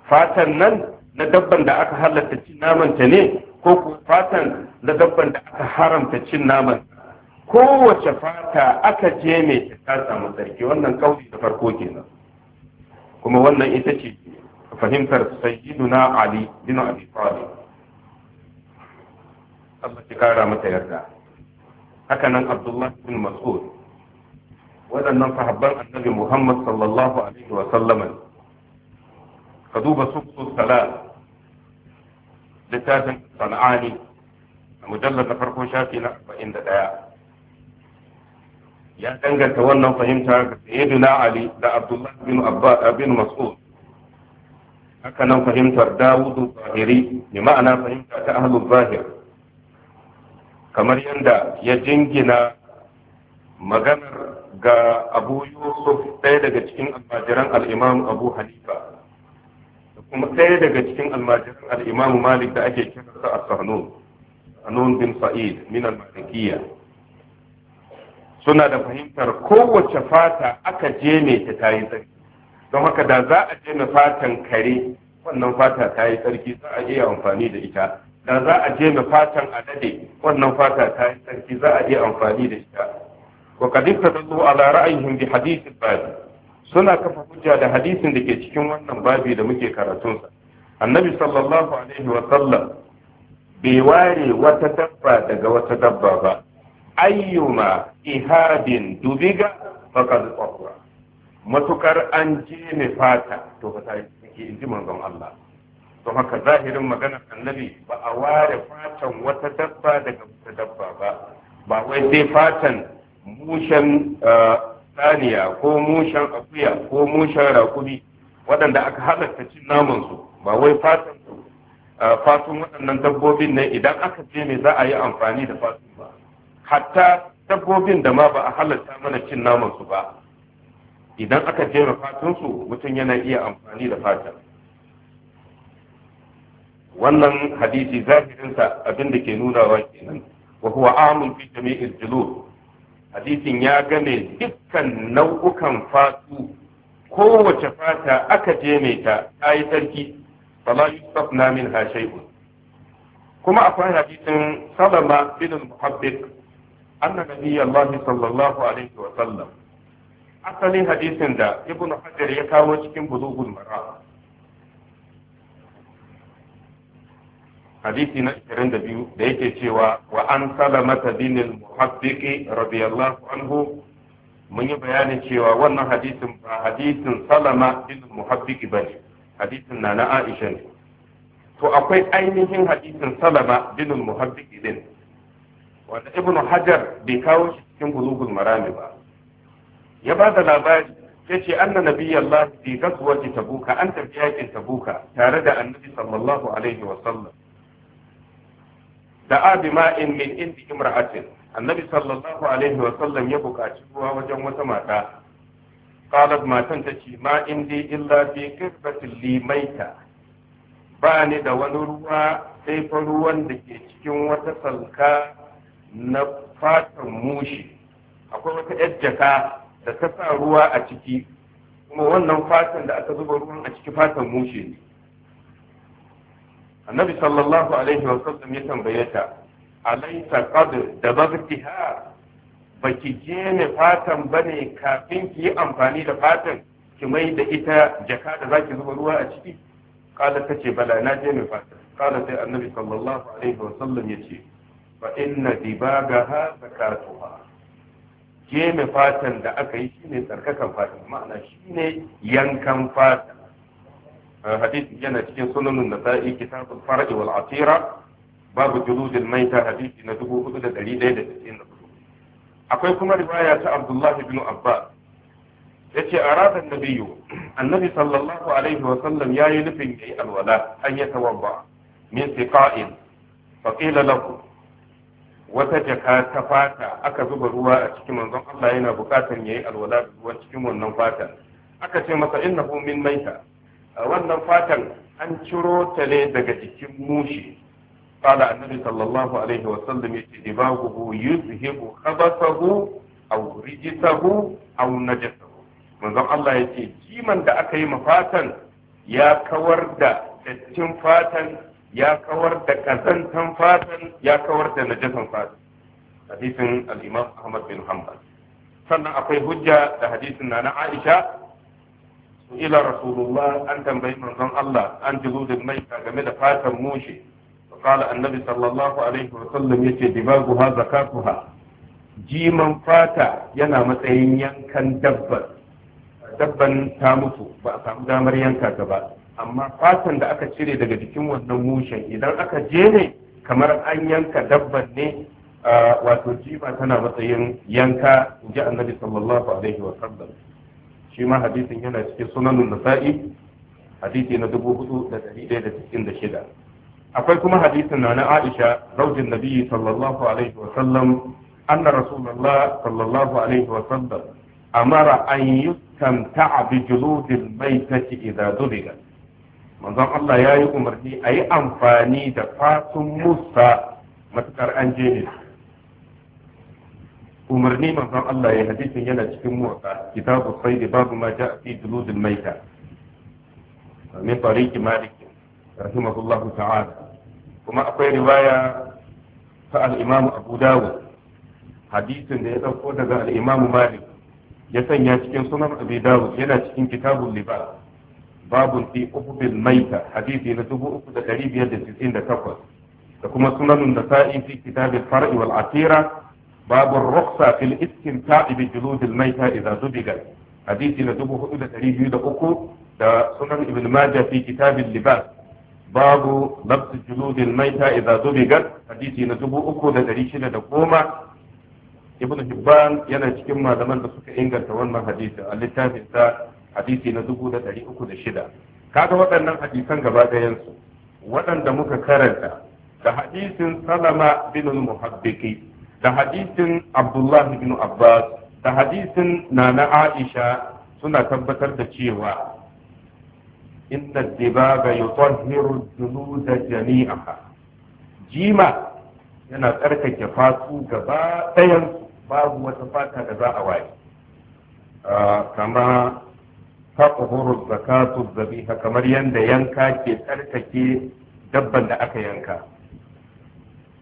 fatan nan na dabban da aka halatta cin namanta ne ko kuma fatan da dabban da aka haramta cin naman kowace fata aka je ne ta samu tsarki wannan kauli da farko kenan kuma wannan ita ce fahimtar sayyiduna ali bin abi talib Allah ya kara mata yarda haka nan abdullah bin mas'ud waɗannan sahabban annabi muhammad sallallahu alaihi wa sallama ka duba sukku salat littafin sana'ani a mujallar na farkon shafi na arba'in da ɗaya ya danganta wannan fahimta ga sayyidina ali da abdullahi bin abba eh, bin mas'ud haka fahimtar dawudu zahiri bi ma'ana fahimta ta ahlul zahir kamar yadda ya jingina maganar ga abu yusuf ɗaya daga cikin almajiran al'imam abu hanifa kuma ɗaya daga cikin almajirin al'imamu malik da ake kiransa a sahnun anun bin sa'id min al-malikiyya suna da fahimtar kowace fata aka je ne ta tayi tsarki don haka da za a je na fatan kare wannan fata ta yi tsarki za a iya amfani da ita da za a je na fatan adade wannan fata ta yi tsarki za a iya amfani da ita wa kadin ka tazo ala ra'ayihim bi hadith al suna kafa hujja da hadisin da ke cikin wannan babi da muke karatunsa annabi sallallahu alaihi wa sallam bai ware wata dabba daga wata dabba ba ayyuma ihadin dubiga faqad qahwa matukar an je fata to fa sai in manzon Allah To haka zahirin maganar annabi ba a ware fatan wata dabba daga wata dabba ba ba wai sai fatan mushen eh, saniya ko mushen akuya ko mushen rakubi waɗanda aka halatta cin namansu ba wai fatan fatun waɗannan dabbobin ne idan aka je me za a yi amfani da fatun ba hatta dabbobin da ma ba a halatta mana cin namansu ba idan aka je ma fatunsu mutum yana iya amfani da fatan wannan hadisi zahirinsa abin da ke nunawa kenan wa huwa amun fi jami'il julud hadisin ya game dukkan nau'ukan fatu kowace fata aka je mai ta ta yi sarki fala yusuf na min hashehu kuma akwai hadisin salama bin muhabbik anna nabiyyi allah sallallahu alaihi wa sallam asalin hadisin da ibnu hajar ya kawo cikin bulughul maram hadisi na 22 da yake cewa wa an salamata dinil muhabbiki radiyallahu anhu mun yi bayanin cewa wannan hadisin ba hadisin salama dinil muhabbiki bane hadisin na na Aisha ne to akwai ainihin hadisin salama dinil muhabbiki din wanda ibnu hajar bai kawo cikin bulugul marami ba ya ba da labari ya ce anna nabiyallahi fi gazwati tabuka an tafi yakin buka tare da annabi sallallahu alaihi wa sallam da abi in min indi imra'atin annabi sallallahu alaihi wa sallam ya buƙaci ruwa wajen wata mata qalat matan tace ma indi illa fi qirbatin limaita ba ni da wani ruwa sai fa ruwan da ke cikin wata salka na fatan mushi akwai wata yar jaka da ta sa ruwa a ciki kuma wannan fatan da aka zuba ruwan a ciki fatan mushi ne annabi sallallahu alaihi wa sallam ya tambaye ta alaita qad dabagtiha baki jeme fatan bane kafin ki yi amfani da fatan ki mai da ita jaka da zaki zuba ruwa a ciki kala ce bala na jeme fatan kala sai annabi sallallahu alaihi wa sallam yace fa inna dibagaha zakatuha jeme fatan da aka yi shine tsarkakan fatan ma'ana shine yankan fatan hadisi yana cikin sunanun da sa'i kitabul far'i wal babu juludil maita hadisi na daya 4194 akwai kuma riwaya ta Abdullah ibn Abbas yace arada nabiyyu annabi sallallahu alaihi wa sallam yayi nufin yayi alwala an yatawabba min siqa'in fa qila lahu wata jaka ta fata aka zuba ruwa a cikin manzon Allah yana bukatar yayi alwala ruwan cikin wannan fata aka ce masa innahu min maita A wannan fatan an ciro ta ne daga jikin mushi qala annabi sallallahu alaihi wa sallam yace dibaguhu yuzhibu khabathahu aw rijtahu aw najasahu manzon Allah yace jiman da aka yi ma fatan ya kawar da dattin fatan ya kawar da kazantan fatan ya kawar da najasan fatan hadisin al-imam Ahmad bin Hanbal sannan akwai hujja da hadisin na na Aisha ila rasulullah an tambayi manzon Allah an juludin mai game da fatan mushe قال النبي صلى الله عليه وسلم يتي دباغها زكاتها jiman fata yana matsayin yankan dabban dabban ta mutu ba a samu damar yanka ta ba amma fatan da aka cire daga jikin wannan mushen idan aka je ne kamar an yanka dabban ne wato jima tana matsayin yanka Inji ji annabi sallallahu alaihi wa sallam shi ma hadisin yana cikin sunanun nasa'i hadisi na dubu hudu da dari ɗaya da cikin da shida akwai kuma hadisin na na aisha zaujin nabiyyi sallallahu alaihi wa sallam an anna rasulullah sallallahu alaihi wa sallam amara an yustamta'a bi juludil maitati idza dubiga manzon Allah ya yi umarni a yi amfani da fatun musa matukar an je ne umarni manzon Allah ya hadisin yana cikin muwatta kitabu sayd babu ma ja'a fi duludil maita min tariq malik rahimahullah ta'ala kuma akwai riwaya ta al-imam abu dawud hadisin da ya dauko daga al-imam malik ya sanya cikin sunan abu dawud yana cikin kitabul libas babun fi ufubil maita hadisi na dubu uku da biyar da da da sittin takwas kuma sunanun da sa'in fi kitabin far'i wal atira babu ruksa fil istinta'i bi juludil maita idza zubiga hadisi na 4203 da sunan ibn majah fi kitabil libas babu labs juludil maita idza zubiga hadisi na 3610 ibn hibban yana cikin malaman da suka inganta wannan hadisi a littafin sa hadisi na 306 kaga waɗannan hadisan gaba ɗayan su waɗanda muka karanta da hadisin salama bin muhabbiki da hadisin abdullahi bin abbas da hadisin nana aisha suna tabbatar da cewa inna dibaba yutahhiru da jami'a jima yana tsarkake fatu gaba ɗayan babu wata fata da za a waye kama taɓuhuru zakatu zabiha kamar yadda yanka ke tsarkake dabban da aka yanka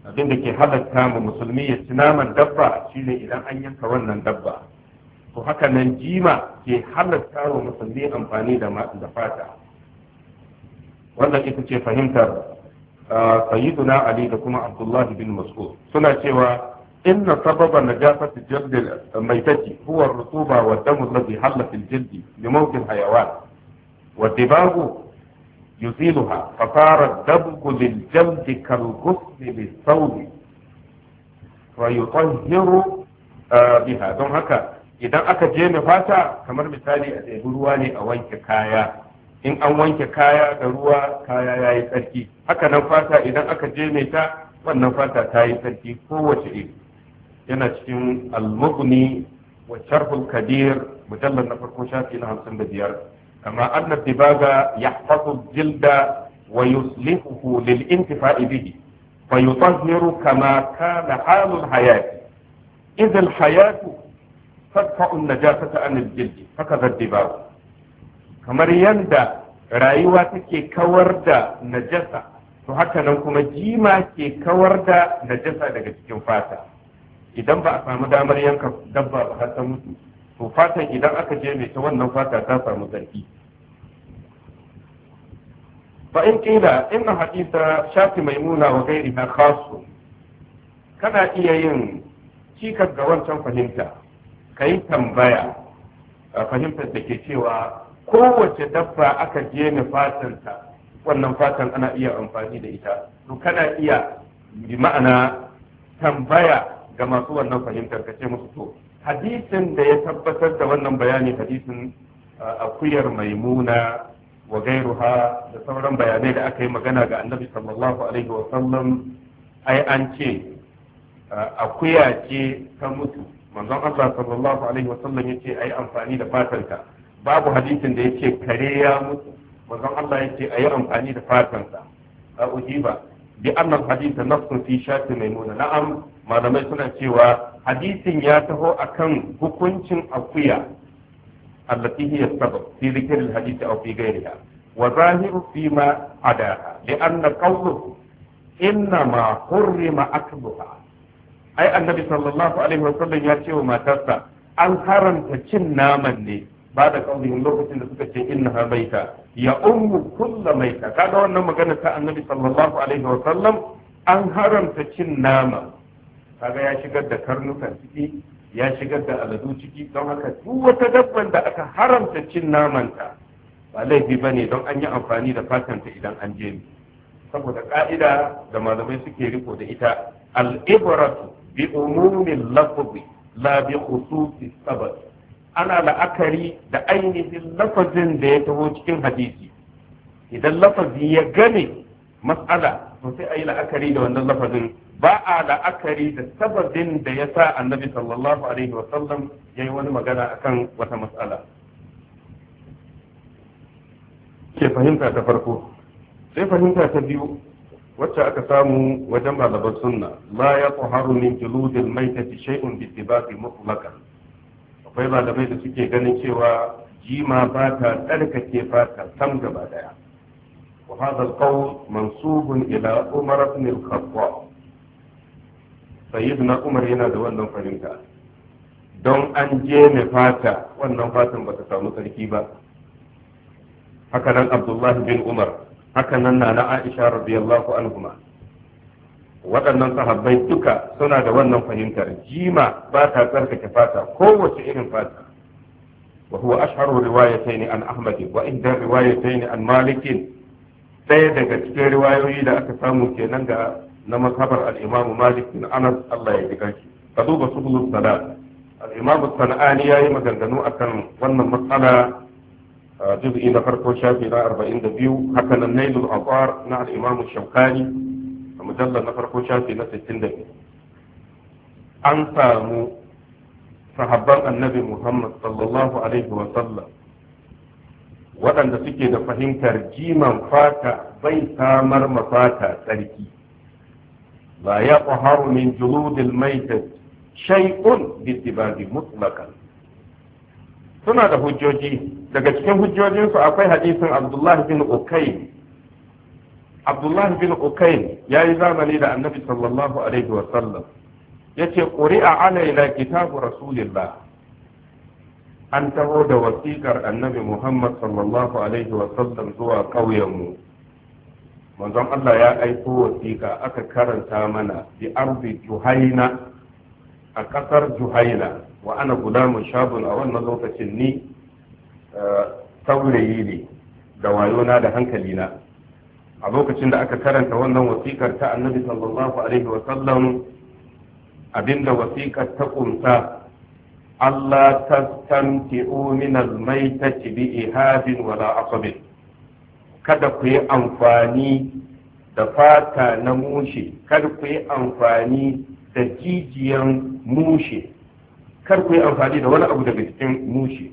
abin da ke halatta mu musulmi ya ci naman dabba shine idan an yanka wannan dabba to haka nan jima ke halatta wa musulmi amfani da da fata wannan ita ce fahimtar sayyiduna ali da kuma abdullahi bin mas'ud suna cewa inna sababa najasati mai maitati huwa ar-rutuba wa damu alladhi halla fil jildi li mawt hayawan wa dibagu yuziluha fa fara dabgu lil jamdi kal ghusli lis sawbi eh, don haka idan aka je fata kamar misali a ɗebi ruwa ne a wanke kaya in an wanke kaya da ruwa kaya ya yi tsarki haka nan fata idan aka je ta wannan fata ta yi tsarki kowace iri yana cikin al-mughni wa sharhul kadir mujallar na farko shafi na hamsin da biyar كما أن الدباغ يحفظ الجلد ويصلحه للانتفاع به فيطهر كما كان حال الحياة إذا الحياة تدفع النجاسة عن الجلد فكذا الدباغ كما يندى رايواتك كورد نجاسة to haka nan kuma jima ke kawar da najasa إذا cikin fata idan ba a samu to fatan idan aka je mai ta wannan fata ta samu zargi fa in kila inna hadisa shafi maimuna wa na khasu kana iya yin cikar ga wancan fahimta ka yi tambaya a fahimtar da ke cewa kowace dabba aka je ni fatanta wannan fatan ana iya amfani da ita to kana iya bi ma'ana tambaya ga masu wannan fahimtar ka ce musu to hadisin da ya tabbatar da wannan bayani hadisin uh, akuyar maimuna wa gairuha da sauran bayanai da aka yi magana ga annabi sallallahu alaihi wa sallam ai an ce uh, akuya ce ta mutu manzon Allah sallallahu alaihi wa sallam yace ai amfani da fatanta babu hadisin da yace kare ya mutu manzon Allah yace ai amfani da fatansa a ujiba bi annal hadith nafsun fi shati maimuna na'am malamai suna cewa hadisin ya taho akan hukuncin akuya allati hiya sabab fi dhikr alhadith aw fi ghayriha wa zahiru fi ma adaha li anna qawluhu inna ma hurrima akluha ai annabi sallallahu alaihi wa sallam ya ce wa matarsa an haramta cin naman ne ba da kaulihin lokacin da suka ce innaha baita ya ummu kulla maita kaga wannan magana ta annabi sallallahu alaihi wa sallam an haramta cin nama kaga ya shigar da karnukan ciki ya shigar da aladu ciki don haka duk wata dabban da aka haramta cin namanta ba laifi ba ne don an yi amfani da fatanta idan an je saboda ka'ida da malamai suke riko da ita al'ibratu bi umumin lafazi la bi khususi sabab ana la'akari da ainihin lafazin da ya taho cikin hadisi idan lafazi ya gane mas'ala to sai a yi la'akari da wannan lafazin ba a la'akari da sababin da ya sa annabi sallallahu alaihi sallam, ya yi wani magana akan wata matsala ke fahimta ta farko sai fahimta ta biyu wacce aka samu wajen malaman sunna la ya tsoharu min juludil maitati shay'un bi tibaqi mutlaqan akwai malamai da suke ganin cewa jima ba ta tsarkake fata sam gaba daya وهذا القول منسوب إلى عمر بن الخطاب na umar yana da wannan fahimta don an je fata wannan fatan ba ta samu sarki ba haka nan abdullahi bin umar haka nan na aisha radiyallahu anhuma waɗannan sahabbai duka suna da wannan fahimtar jima ba ta tsarkake fata kowace irin fata wa huwa ashharu riwayatayn an ahmad wa inda riwayatayn an malik ɗaya daga cikin riwayoyi da aka samu kenan ga na masabar al'imamu malik bin anas Allah ya diga shi ka duba subulus salat al sana'ani ya yi maganganu akan wannan matsala juz'i na farko shafi na arba'in da 42 haka nan nailul azar na al-imamu shaukani a mujallar na farko shafi na sittin 62 an samu sahabban annabi muhammad sallallahu alaihi wa sallam waɗanda suke da fahimtar jiman fata bai samar ma fata tsarki لا يطهر من جلود الميتة شيء بالتباد مطلقا suna da hujjoji daga cikin hujjojinsu akwai hadisin abdullahi bin ukayn abdullahi bin ukayn ya yi zamani da annabi sallallahu alaihi wa sallam ya ce ƙuri'a alaina kitabu rasulillah an taho da wasiƙar annabi muhammad sallallahu alaihi wa sallam zuwa ƙauyenmu manzon Allah ya aiko wasiƙa aka karanta mana bi arzi juhaina a ƙasar juhaina wa ana mu shabun a wannan lokacin ni eh, saurayi ne da wayona da hankalina a lokacin da aka karanta wannan wasiƙar ta annabi sallallahu alaihi wa sallam abinda wasiƙar ta ƙunsa Allah tastanti'u min al-maitati bi ihadin wala asabin kada ku yi amfani da fata na mushe kada ku yi amfani da jijiyan mushe kar ku yi amfani da wani abu daga cikin mushe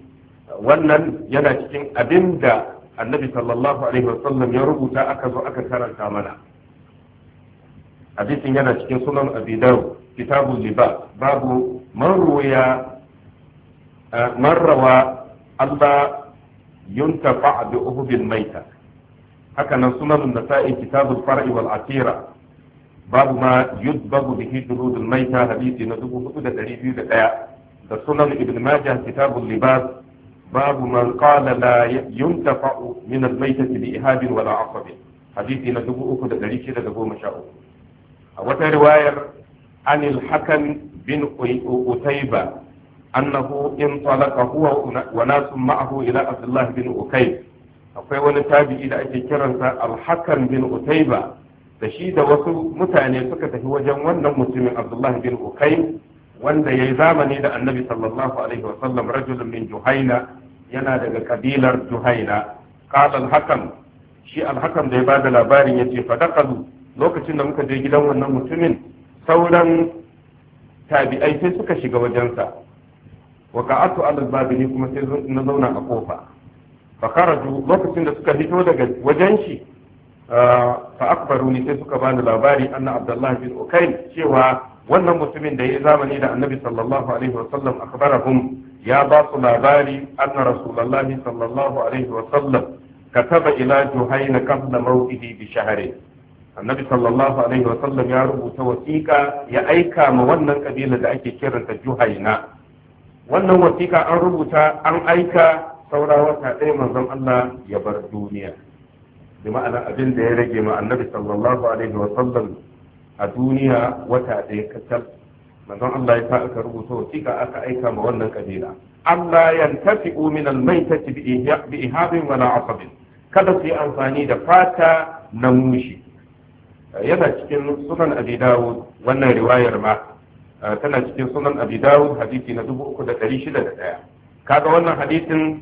wannan yana cikin abin da annabi sallallahu alaihi wasallam ya rubuta aka zo aka karanta mana hadisin yana cikin sunan abi kitabun liba babu man ruya eh, allah yunta Allah bi uhbil maita haka nan sunanun nasa'i kitabul far'i wal asira babu ma yudbabu bihi durudul maita hadisi na 4201 da sunan ibn majah kitabul libas babu man qala la yuntafa'u min al maitati bi ihabin wala aqab hadisi na 3613 a wata riwayar anil hakan bin utayba annahu in talaqa huwa wa nasu ma'ahu ila abdullah bin ukayb akwai wani tabi'i da ake kiransa alhakan bin utaiba da shi da wasu mutane suka tafi wajen wannan mutumin abdullahi bin ukai wanda ya yi zamani da annabi sallallahu alaihi wasallam rajulun min juhaina yana daga kabilar juhaina qala alhakan shi alhakan da ya bada labarin ce fadaqalu lokacin da muka je gidan wannan mutumin sauran tabi'ai sai suka shiga wajensa wa ka'atu al-babi kuma sai na zauna a kofa fakaraju lokacin da suka hito daga wajen shi fa akbaru ni sai suka bani labari anna abdullahi bin ukail cewa wannan mutumin da ya zamani da annabi sallallahu alaihi wa wasallam akbarahum ya ba su labari anna rasulullahi sallallahu alaihi wa wasallam kataba ila juhayna qabla mawtihi bi shahrin annabi sallallahu alaihi wa sallam ya rubuta wasiƙa ya aika ma wannan kabila da ake kiranta juhaina wannan wasiƙa an rubuta an aika saura wata ɗaya manzon Allah ya bar duniya bi ma'ana abin da ya rage ma annabi sallallahu alaihi wa sallam a duniya wata ɗaya kacal manzon Allah ya aka rubuta wa kika aka aika ma wannan kabila Allah yantafi'u min al-maitati bi ihabin wala asabin kada su yi amfani da fata na mushi yana cikin sunan abi dawud wannan riwayar ma tana cikin sunan abi dawud hadisi na 3601 kaga wannan hadisin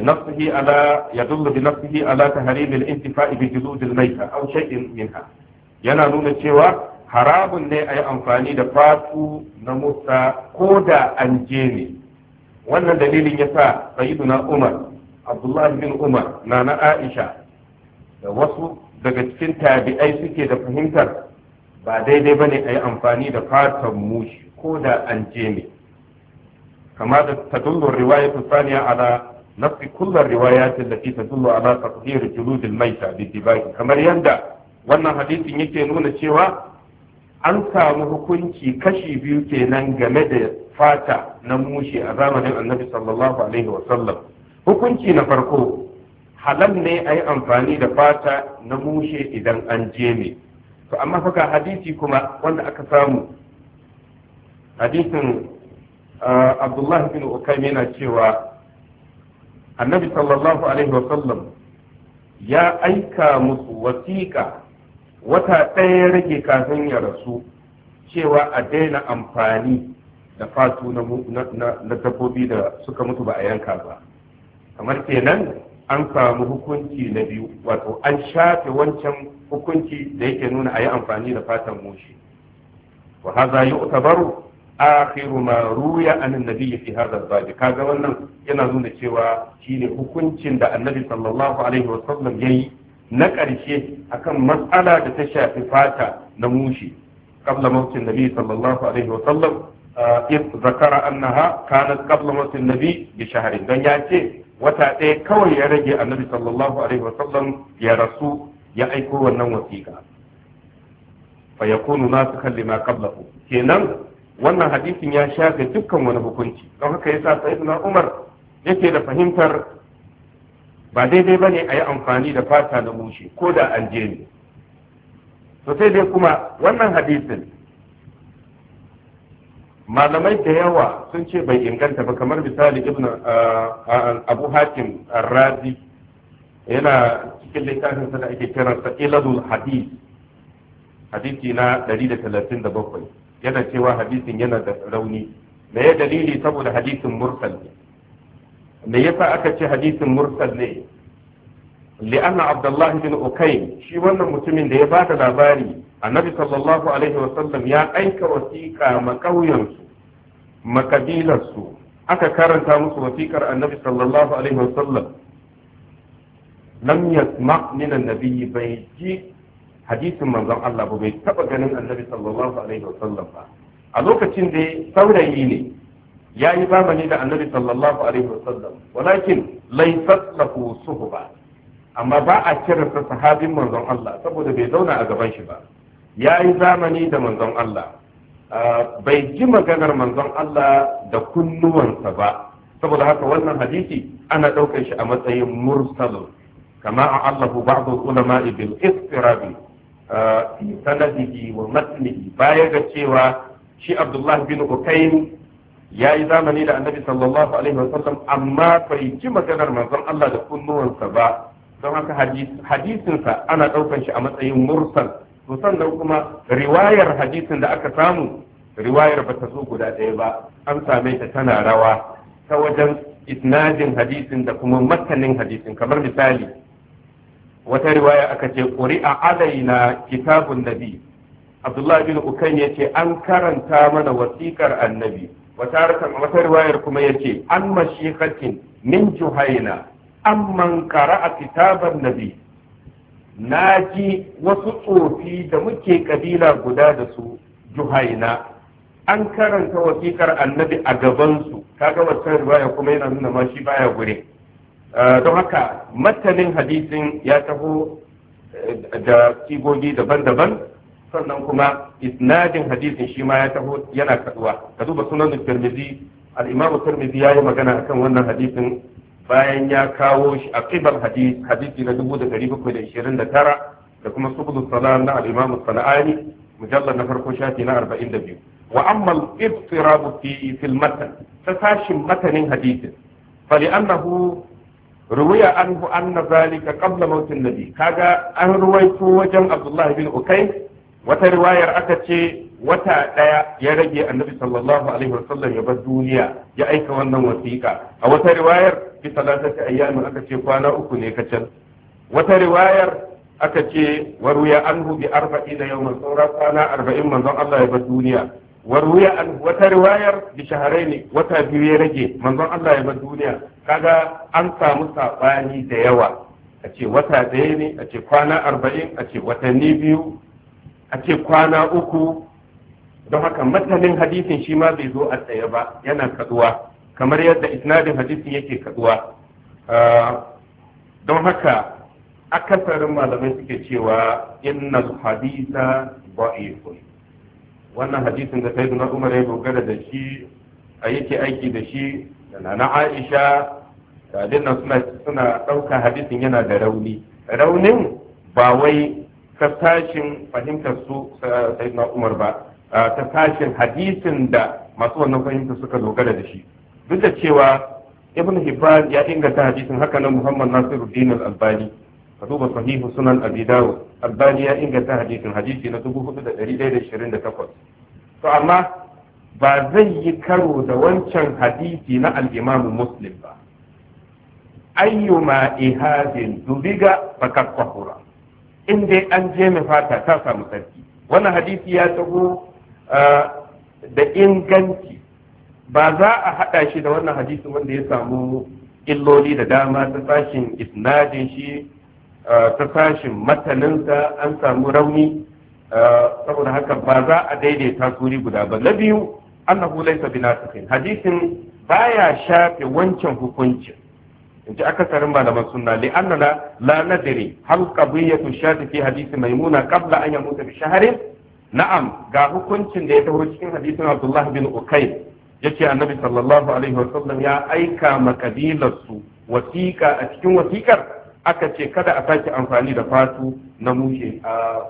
بنصه على يدل بنصه على تحريم الانتفاع بجلود الميتة أو شيء منها yana nuna cewa haramun ne a yi amfani da fatu na musa ko da an je ne wannan dalilin ya sa sayyiduna umar abdullahi bin umar na na aisha da wasu daga cikin tabi'ai suke da fahimtar ba daidai ba ne a yi amfani da fatan mushi ko da an je ne kama da tadullun riwayatu saniya ala نقي كل الروايات التي تدل على تطهير جلود الميتة بالدباء كما يندى wannan hadisin yake nuna cewa an samu hukunci kashi biyu kenan game da fata na mushe a zamanin annabi sallallahu alaihi wasallam hukunci na farko halal ne a yi amfani da fata na mushe idan an je ne to amma faka hadisi kuma wanda aka samu hadisin abdullahi bin ukaim yana cewa annabi sallallahu alaihi wa sallam ya aika musu wasiƙa wata ɗaya rage kafin ya rasu cewa a daina amfani da fatu na dabbobi da suka mutu ba a yanka ba kamar kenan an samu hukunci na biyu wato an shafe wancan hukunci da yake nuna a yi amfani da fatan mushi wa haza yi akhiru ma ruya an annabi fi hadha zaji kaga wannan yana nuna cewa shine hukuncin da annabi sallallahu alaihi wasallam yayi na ƙarshe akan matsala da ta shafi fata na mushi qabla mawtin nabi sallallahu alaihi wasallam iz zakara annaha kanat qabla mawtin nabi bi shahrin dan ya ce wata ɗaya kawai ya rage annabi sallallahu alaihi wasallam ya rasu ya aiko wannan wasiƙa fa yakunu nasu kallima kenan wannan hadisin ya shafe dukkan wani hukunci don haka yasa sayyidina umar yake da fahimtar ba daidai ba ne a yi amfani da fata da mushe ko da an to sai dai kuma wannan hadisin malamai da yawa sun ce bai inganta ba kamar misali ibn uh, uh, abu hakim razi yana cikin littafin da ake kiransa ilalul hadis hadisi na 137 yana cewa hadisin yana da rauni me ya dalili saboda hadisin mursal ne me yasa aka ce hadisin mursal ne li'anna abdullah bin ukay shi wannan mutumin da ya bata labari annabi sallallahu alaihi wasallam ya aika wasiƙa makauyansu makabilarsu aka karanta musu wasiƙar annabi sallallahu alaihi wasallam lam yasma min annabi bai ji hadisin manzon Allah ba bai taba ganin annabi sallallahu alaihi sallam ba a lokacin da saurayi ne ya yi zamani da annabi sallallahu alaihi wasallam walakin laysat lahu suhba amma ba a kiransa sahabin manzon Allah saboda bai zauna a gaban shi ba ya yi zamani da manzon Allah bai ji maganar manzon Allah da kunnuwansa ba saboda haka wannan hadisi ana ɗaukar shi a matsayin mursalun kama a Allahu ba'd ulama bil istirabi fi sanadihi wa matnihi baya ga cewa shi Abdullah bin Ukaym ya yi zamani da annabi sallallahu alaihi wasallam amma bai ji maganar manzon Allah da kunnuwansa ba don haka hadisinsa ana ɗaukan shi a matsayin mursal to sannan kuma riwayar hadisin da aka samu riwayar bata zo guda ɗaya ba an same ta tana rawa ta wajen isnadin hadisin da kuma matanin hadisin kamar misali wata riwaya aka ce ƙuri'a alaina kitabun nabi abdullahi bin ukan ya ce an karanta mana wasiƙar annabi wata riwayar kuma ya ce an mashikatin min juhaina an mankara a kitaban nabi na ji wasu tsofi da muke kabila guda da su juhaina an karanta wasiƙar annabi a gabansu kaga wata riwaya kuma yana nuna ma shi baya gure Eh, don haka matanin hadisin ya taho eh, da sigogi daban-daban sannan kuma isnadin hadisin shi ma ya taho yana kaduwa ka duba sunan tirmidhi al-imam tirmidhi yayi magana akan wannan hadisin bayan ya kawo shi a kibar hadisi na 1729 da kuma subul salam na al-imam sana'ani mujallar na farko shafi na 42 wa amma al-ibtirab fi fil matan ta sashin matanin hadisin فلأنه ruwiya anhu anna zalika qabla mautin nabi kaga an ruwaito wajen abdullahi bin ukai wata riwayar aka ce wata ɗaya ya rage annabi sallallahu alaihi wasallam ya bar duniya ya aika wannan wasiƙa a wata riwayar bi salatati ayyamin aka ce kwana uku ne kacal wata riwayar aka ce waruya anhu bi arba'ina yawman saura kwana arba'in manzon Allah ya bar duniya warwiya an wata riwayar da shaharai ne wata biyu ya rage manzon Allah ya bar duniya kaga an samu saɓani da yawa a ce wata ɗaya a ce kwana arba'in a ce watanni biyu a ce kwana uku don haka matanin hadisin shi ma bai zo a ɗaya ba yana kaduwa kamar yadda isnadin hadisin yake kaduwa ah, don haka akasarin malamai suke cewa innal hadisa da'ifun wannan hadisin da sayyidina umar ya dogara da shi a yake aiki da shi da na aisha da nan suna suna ɗauka hadisin yana da rauni raunin ba wai ta tashin fahimtar su sayyidina umar ba ta tashin hadisin da masu wannan fahimtar suka dogara da shi duk da cewa ibn hibban ya inganta hadisin haka nan muhammad Nasiru, al-albani ka duba sahihu sunan abi dawud albani ya inganta hadisin hadisi na 4128 to amma ba zai yi karo da wancan hadisi na al-imam muslim ba ayyuma ihadin dubiga fakat kwahura in dai an je mai fata ta samu sarki wannan hadisi ya taho ah, da inganci ba za a haɗa shi da wannan hadisi wanda ya samu illoli da dama ta sashin isnadin shi ta sashin mataninsa an samu rauni saboda haka ba za a daidaita suri guda ba na biyu annahu laysa binasikin hadisin baya shafe wancan hukuncin aka akasarin malaman sunna li annana la nadri hal qadiyatu shafi fi hadisi maimuna qabla an yamuta bi shahrin na'am ga hukuncin da ya taho cikin hadisin Abdullah bin Ukay yace annabi sallallahu alaihi wasallam ya aika makabilarsu wasiqa a cikin wasiqar aka ce kada a sake amfani da fatu na mushe a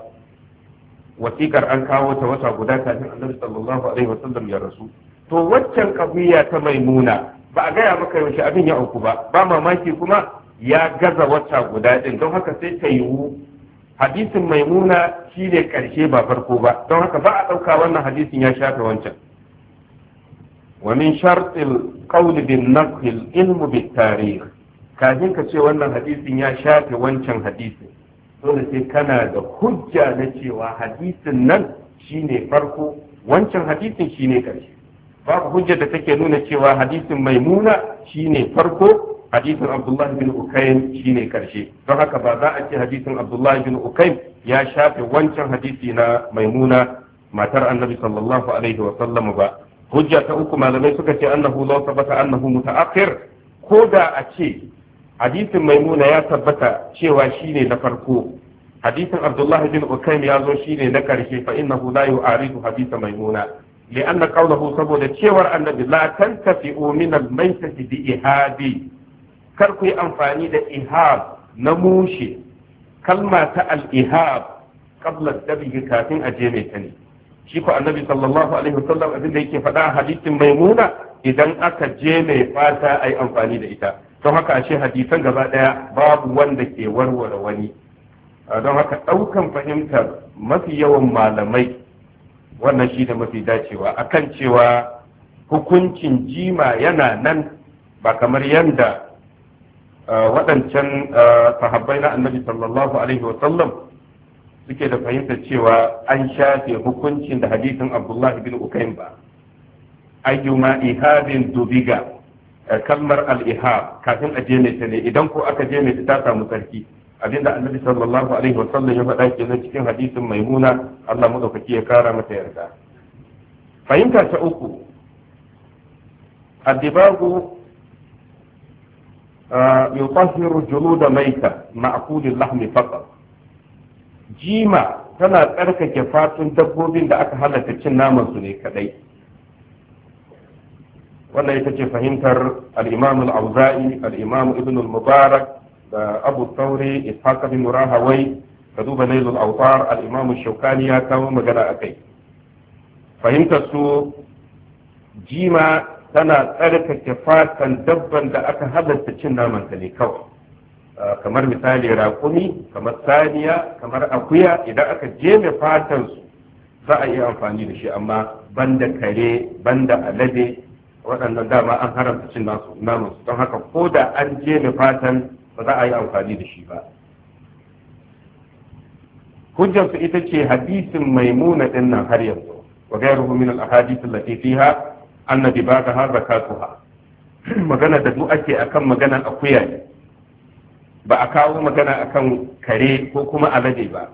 wasikar an kawo ta wata guda kafin annabi sallallahu alaihi wasallam ya rasu to waccan kabiya ta maimuna ba a gaya maka yaushe abin ya auku ba ba mamaki kuma ya gaza wata guda din don haka sai ta yiwu hadisin maimuna shi ne karshe ba farko ba don haka ba a ɗauka wannan hadisin ya shafe wancan ومن شرط القول بالنقل العلم بالتاريخ kafin ka ce wannan hadisin ya shafe wancan hadisin dole sai kana da hujja na cewa hadisin nan shine farko wancan hadisin shine karshe babu hujja da take nuna cewa hadisin maimuna shine farko hadisin abdullahi bin ukaim shine karshe don haka ba za a ce hadisin abdullahi bin ukaim ya shafe wancan hadisi na maimuna matar annabi sallallahu alaihi wa sallam ba hujja ta uku malamai suka ce annahu law sabata annahu mutaakhir ko da a ce hadisin maimuna ya tabbata cewa shine na farko hadisin abdullahi bin ukaim ya zo shine na karshe fa innahu la yu'aridu hadisa maimuna li'anna qawluhu saboda cewar annabi la tantafi'u min al-maytati bi ihabi kar ku yi amfani da ihab na mushe kalma ta al-ihab qabla dabi kafin a je mai tani shi ko annabi sallallahu alaihi wasallam abin yake faɗa hadisin maimuna idan aka je mai fata ai amfani da ita don haka ashe hadisan gaba daya babu wanda ke warware wani don haka daukan fahimtar mafi yawan malamai wannan shi da mafi dacewa akan cewa hukuncin jima yana nan ba kamar yadda waɗancan sahabbai na annabi sallallahu alaihi wasallam suke da fahimtar cewa an shafe hukuncin da hadisin abdullahi bin ukaim ba ayyuma ihabin dubiga Eh, kalmar al'iha kafin a jene ta ne idan ko aka jene ta ta samu sarki abinda annabi sallallahu alaihi wasallam ya faɗa ke nan cikin hadisin maimuna Allah madaukaki ya kara mata yarda fahimta ta uku addibagu eh, yutahhiru juluda maita ma'qudil lahmi faqat jima tana tsarkake fatun dabbobin da aka halatta cin naman su ne kadai wannan ita ce fahimtar al al-auza'i al ibn al-mubarak da abu tsauri ishaq bin rahawai ka duba nailul autar al-imam shaukani ya kawo magana kai. fahimtar su jima tana tsarkake fatan dabban da aka halarta cin naman ta ne kawai kamar misali raƙumi kamar saniya kamar akuya idan aka jeme fatan su za a yi amfani da shi amma banda kare banda alade waɗannan dama an haramta cin nasu naman don haka ko da an je ni fatan ba za a yi amfani da shi ba hujjarsu ita ce hadisin maimuna din nan har yanzu wa gairuhu min al-ahadith allati fiha anna dibagaha zakatuha magana da duk ake akan magana akuya ne ba a kawo magana akan kare ko kuma alade ba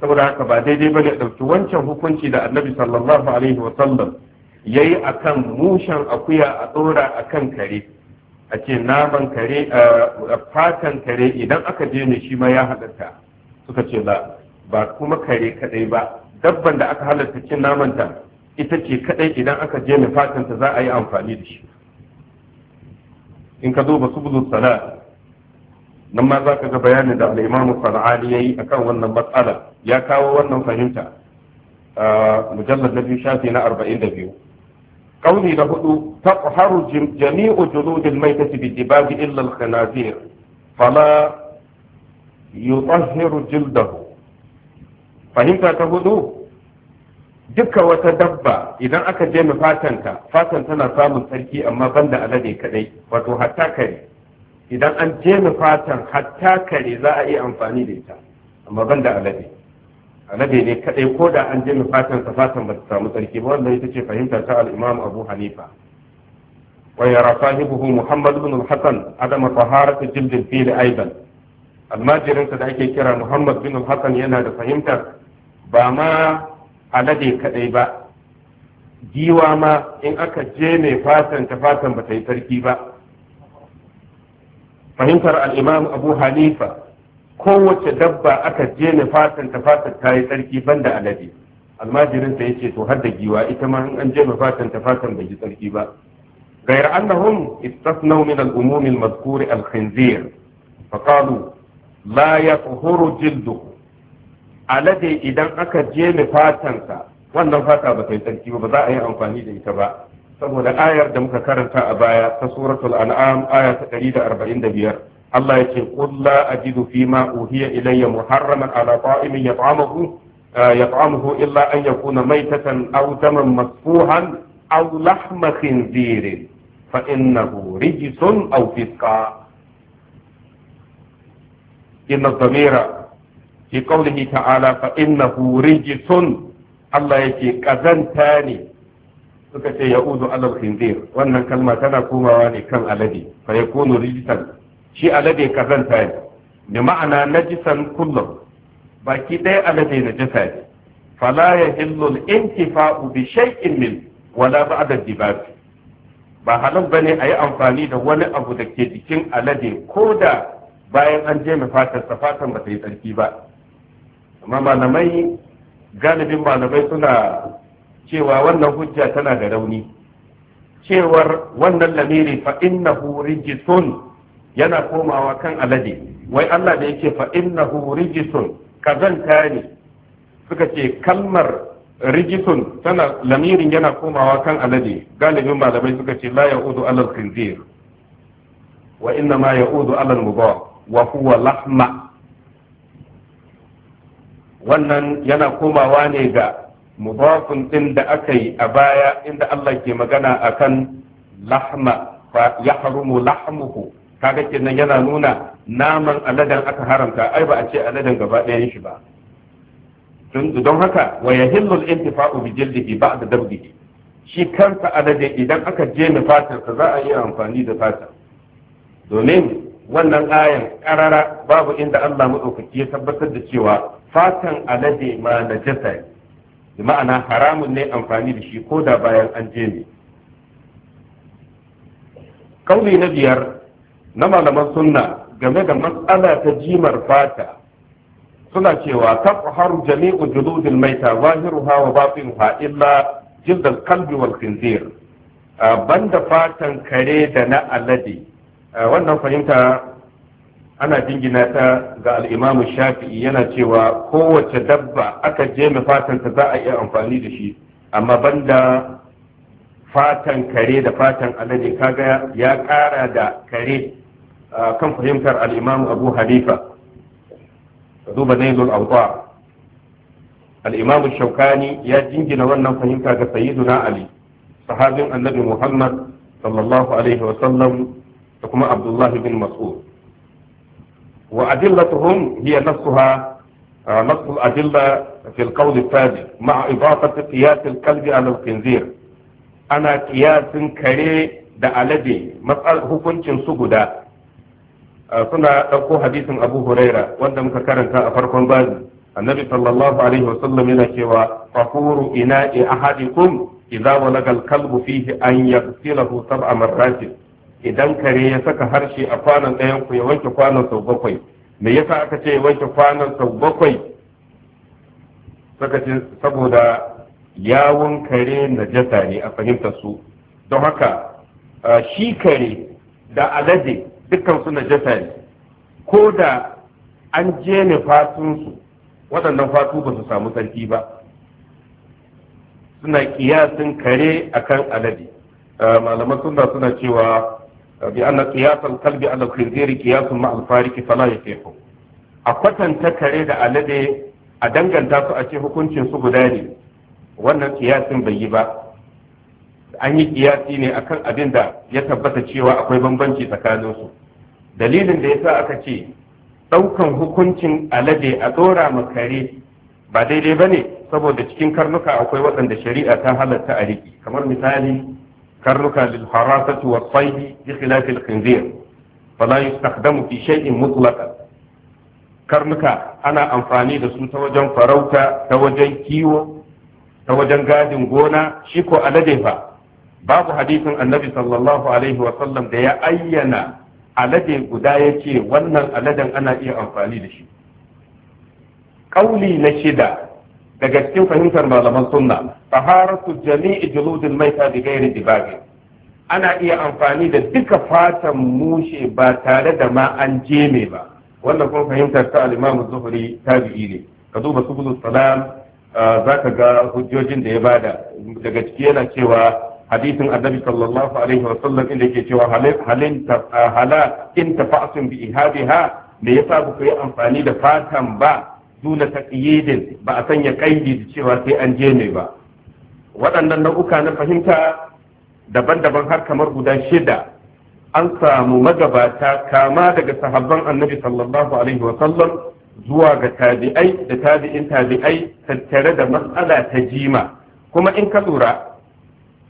saboda haka ba daidai bane dauki wancan hukunci da annabi sallallahu alaihi wa sallam ya yi a kan mushen akuya a ɗora a kan kare a ce naman kare a fatan kare idan aka je ne shi ma ya halatta suka ce ba ba kuma kare kadai ba dabban da aka halarta cin namanta ita ce kadai idan aka je ne fatanta za a yi amfani da shi in ka zo ba su buzu sana nan ma za ka ga bayanin da al'imamu sana'ani ya yi a kan wannan matsala ya kawo wannan fahimta mujallar na biyu shafi na arba'in da biyu kauni na hudu taqharu jami'u juludil maitati bi dibabi illa al khanazir fala yutahhiru jildahu fahimta ta hudu duka wata dabba idan aka je mu fatanta fatan tana samun sarki amma banda alade kadai wato hatta kare idan an je mu fatan hatta kare za a yi amfani da ita amma banda alade annabi ne kadai ko da an jami fatan sa fatan ba ta samu tsarki ba wannan ita ce fahimtar ta al-imam abu hanifa wa yara sahibuhu muhammad ibn al-hasan adama taharatu jildin fil aidan almajirin sa da ake kira muhammad bin al-hasan yana da fahimtar ba ma alade kadai ba giwa ma in aka je mai fatan ta fatan ba ta yi tsarki ba fahimtar al-imam abu hanifa kowace dabba aka jene fatan ta fatan ta yi tsarki banda alade almajirin ya ce to har da giwa ita ma an jene fatan ta fatan bai yi tsarki ba غير أنهم استثنوا من الأموم المذكور الخنزير فقالوا لا يطهر جلده alade idan aka jene fatansa wannan fata ba ta yi tsarki ba za a yi amfani da ita ba saboda ayar da muka karanta a baya ta suratul an'am aya ta biyar. الله يقول لا أجد فيما أوهي إلي محرما على طائم يطعمه آه، يطعمه إلا أن يكون ميتة أو دما مسفوحا أو لحم خنزير فإنه رجس أو فسقا إن الضمير في قوله تعالى فإنه رجس الله يتي قذن ثاني سكتي يؤود على الخنزير وأن الكلمة تنا كما واني كم الذي فيكون رجسا shi alade kazanta ne bi ma'ana najisan kullum baki ɗaya alade jisa ne fala ya hillul intifa'u bi shay'in min wala ba'da dibab ba halal bane a yi amfani da wani abu da ke jikin alade ko da bayan an je mai ta fatan ba ta yi tsarki ba amma malamai galibin malamai suna cewa wannan hujja tana da rauni cewar wannan lamiri fa innahu rijisun yana komawa kan alade wai Allah da yake fa innahu rijisun kazanta ne suka ce kalmar rijisun tana lamirin yana komawa kan alade galibin malamai suka ce la ya'udu alal khinzir wa inna ma ya'udu alal mudaf wa huwa lahma wannan yana komawa ne ga mudafin din da aka yi a baya inda Allah ke magana akan lahma fa yahrumu lahmuhu kaga kenan yana nuna naman aladen aka haramta ai ba a ce aladen gaba ɗaya shi ba don haka wa yahillul intifa'u bi jildihi ba'da dabdihi shi kansa alade idan aka je ni fatar ka za a yi amfani da fatar domin wannan ayan karara babu inda Allah mu maɗaukaki ya tabbatar da cewa fatan alade ma na jasa ma'ana haramun ne amfani da shi ko da bayan an je ne kauli na biyar na malaman sunna game da matsala ta jimar fata suna cewa tafhar jami'u juludil maita zahiruha wa batinuha illa kalbi wal khinzir banda fatan kare da na alade wannan fahimta ana jingina ta ga al'imamu shafi'i yana cewa kowace dabba aka jeme fatanta za a iya amfani da shi amma banda fatan kare da fatan alade kaga ya kara da kare kan fahimtar al'imam abu hanifa ka duba nailul auta al'imam shaukani ya jingina wannan fahimta ga sayyiduna ali sahabin annabi muhammad sallallahu alaihi wasallam da kuma abdullahi bin mas'ud wa adillatuhum hiya nafsuha نص الأدلة في القول التالي مع إضافة قياس الكلب على الخنزير أنا قياس كري da alade matsalar hukuncin su guda suna ɗauko hadisin abu huraira wanda muka karanta a farkon bazi annabi sallallahu alaihi wasallam yana cewa fakuru ina'i ahadikum idza walaga kalbu fihi an yaghsilahu sab'a marratin idan kare ya saka harshe a kwanan ɗayan ku ya wanke kwanan sau bakwai me yasa aka ce ya wanke kwanan sau bakwai saka ce saboda yawon kare najasa ne a fahimtar su don haka shi kare da alade dukkan suna najasa ne ko da an je ne fatunsu waɗannan fatu ba su samu sarki ba suna kiyasin kare akan alade ah, malaman suna suna cewa ah, bi anna qiyasal kalbi ala khinziri qiyasun ma al-fariki fala yafiqu a kwatanta kare da alade a danganta su a ce hukuncin su guda ne wannan kiyasin bai yi ba an yi kiyasi ne akan abin da ya tabbata cewa akwai bambanci tsakaninsu dalilin da ya sa aka ce ɗaukan hukuncin alade a ɗora makare kare ba daidai ba ne saboda cikin karnuka akwai waɗanda shari'a ta halatta a riki kamar misali karnuka lil harasatu wa tsaidi bi khilaf al khinzir la yustaqdamu fi shay'in mutlaqan karnuka ana amfani da su ta wajen farauta ta wajen kiwo ta wajen gadin gona shi ko alade ba. babu hadisin annabi sallallahu alaihi wasallam da ya ayyana alade guda ya ce wannan aladen ana iya amfani da shi ƙauli na shida daga cikin fahimtar malaman sunna taharatu jami'i juludil maita da gairi dibagi ana iya amfani da duka fatan mushe ba tare da ma an jeme ba wannan kuma fahimtar ta al-Imam Zuhri tabi'i ne ka duba subul salam ah, ka ga hujjojin da ya bada daga ciki yana cewa hadisin annabi sallallahu alaihi wa sallam inda yake cewa halin hala in tafa'sun bi ihadiha me yasa ba ku yi amfani da fatan ba duna taqyidin ba a sanya kaidi da cewa sai an je ne ba waɗannan nau'uka na fahimta daban-daban har kamar guda shida an samu magabata kama daga sahabban annabi sallallahu alaihi wa sallam zuwa ga tabi'ai da tabi'in tabi'ai tattare da matsala ta jima kuma in ka lura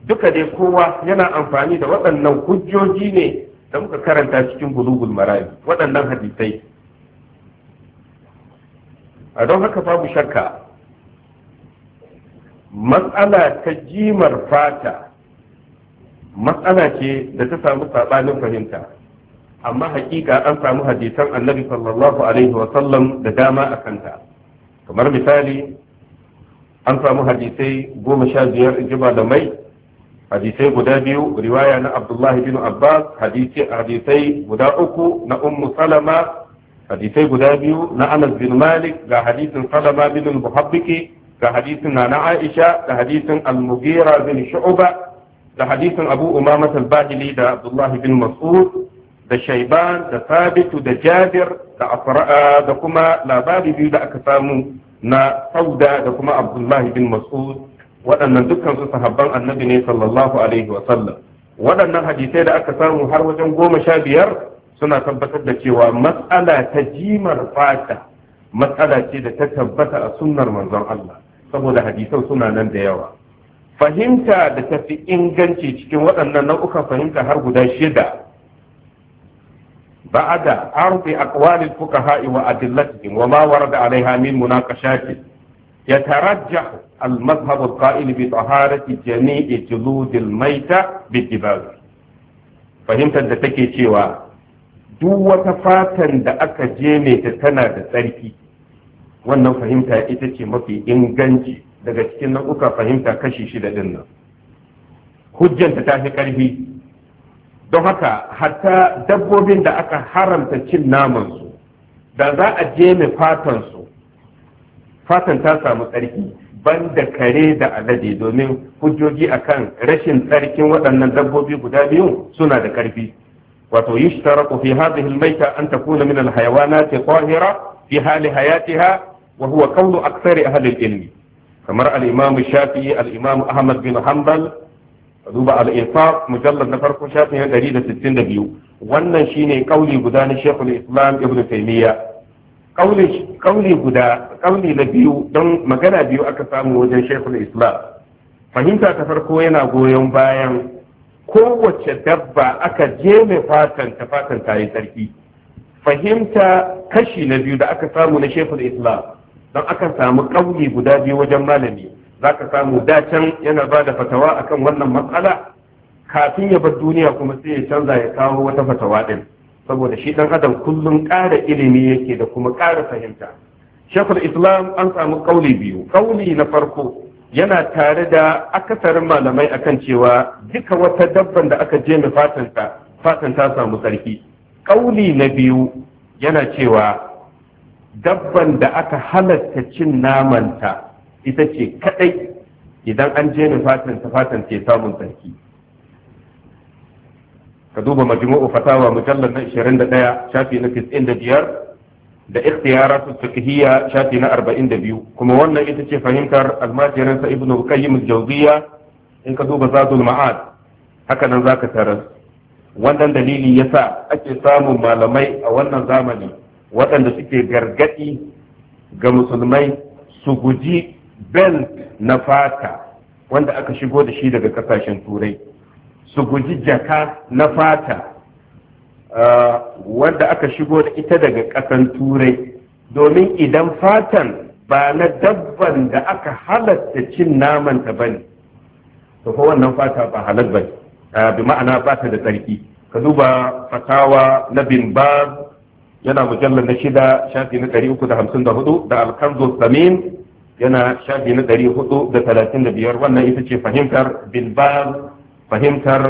duka dai kowa yana amfani da waɗannan hujjoji ne da muka karanta cikin gulugul marayu waɗannan hadisai a don haka babu shakka matsala ta jimar fata matsala ce da ta samu saɓanin fahimta amma hakika an samu hadisan annabi sallallahu alaihi sallam da dama a kanta kamar misali an samu hadisai goma sha biyar in ji malamai hadisai guda biyu riwaya na abdullahi bin abbas hadisai guda uku na ummu salama hadisai guda biyu na anas bin malik da hadisin salama bin muhabbiki ga hadisin na aisha da hadisin al-mughira bin shu'ba da hadisin abu umama al-bahili da abdullahi bin mas'ud da shaiban da sabitu da jabir da asra'a da kuma labari biyu da aka samu na sauda da kuma abdullahi bin mas'ud waɗannan dukkan su sahabban annabi ne sallallahu alaihi wa sallam waɗannan hadisai da aka samu har wajen goma sha biyar suna tabbatar da cewa matsala ta jimar fata matsala ce da ta tabbata a sunnar manzon Allah saboda hadisan suna nan da yawa fahimta da tafi inganci cikin waɗannan nau'ukan fahimta har guda shida بعد عرض wa الفقهاء وأدلتهم وما ورد عليها من مناقشات يترجح المذهب القائل بطهارة جميع جلود الميتة بالجبال Fahimtar da take cewa duk wata fatan da aka je ta tana da tsarki wannan fahimta ita ce mafi inganci daga cikin nau'uka fahimta kashi shida din hujjanta ta fi ƙarfi don haka hatta dabbobin da aka haramta cin namansu da za a je mai fatansu fatan ta samu tsarki ban da kare da alade domin hujjoji akan rashin tsarkin waɗannan dabbobi guda biyu suna da ƙarfi wato yushtaraku fi hadhihi almayta an takuna min alhayawanati qahira fi hali hayatiha wa huwa qawlu aktsari ahli ilmi kamar al-imam shafi'i al-imam ahmad bin hanbal duba al-infaq mujallad na farko shafin 162 wannan shine kauli guda na shaykhul islam ibnu taymiyyah kauli na biyu don magana biyu aka samu wajen shekul islam fahimta ta farko yana goyon bayan kowace dabba aka je mai fatan ta fatan ta yi sarki fahimta kashi na biyu da aka samu na shekul islam don aka samu kauli guda biyu wajen malami za ka samu dacen yana ba da fatawa akan wannan matsala kafin ya bar duniya kuma sai ya canza ya kawo wata fatawa din saboda shi dan adam kullum ƙara ilimi yake da kuma ƙara fahimta shekul islam an samu ƙauli biyu ƙauli na farko yana tare da akasarin malamai akan cewa duka wata dabban da aka je mai fatanta fatan ta samu sarki ƙauli na biyu yana cewa dabban da aka halatta cin namanta ita ce kaɗai idan an je mai fatanta fatan samun sarki ka duba majmu'u fatawa mujallal na 21 shafi na 95 da ikhtiyaratu fiqhiyya shafi na 42 kuma wannan ita ce fahimtar almajirin sa ibnu qayyim al-jawziyya in ka duba zadul ma'ad haka nan zaka taras wannan dalili yasa ake samun malamai a wannan zamani waɗanda suke gargadi ga musulmai su guji belt na fata wanda aka shigo da shi daga ƙasashen turai su guji jaka na fata uh, wadda aka shigo da ita daga ƙasan turai domin idan fatan ba na dabban da aka halatta cin namanta ba ne to fa wannan fata ba halar ba uh, bi ma'ana ba ta da tsarki ka duba fatawa na bin ba yana mujallar na shida shafi na ɗari uku da hamsin da hudu da alkanzo samin yana shafi na ɗari hudu da talatin da biyar wannan ita ce fahimtar bin ba fahimtar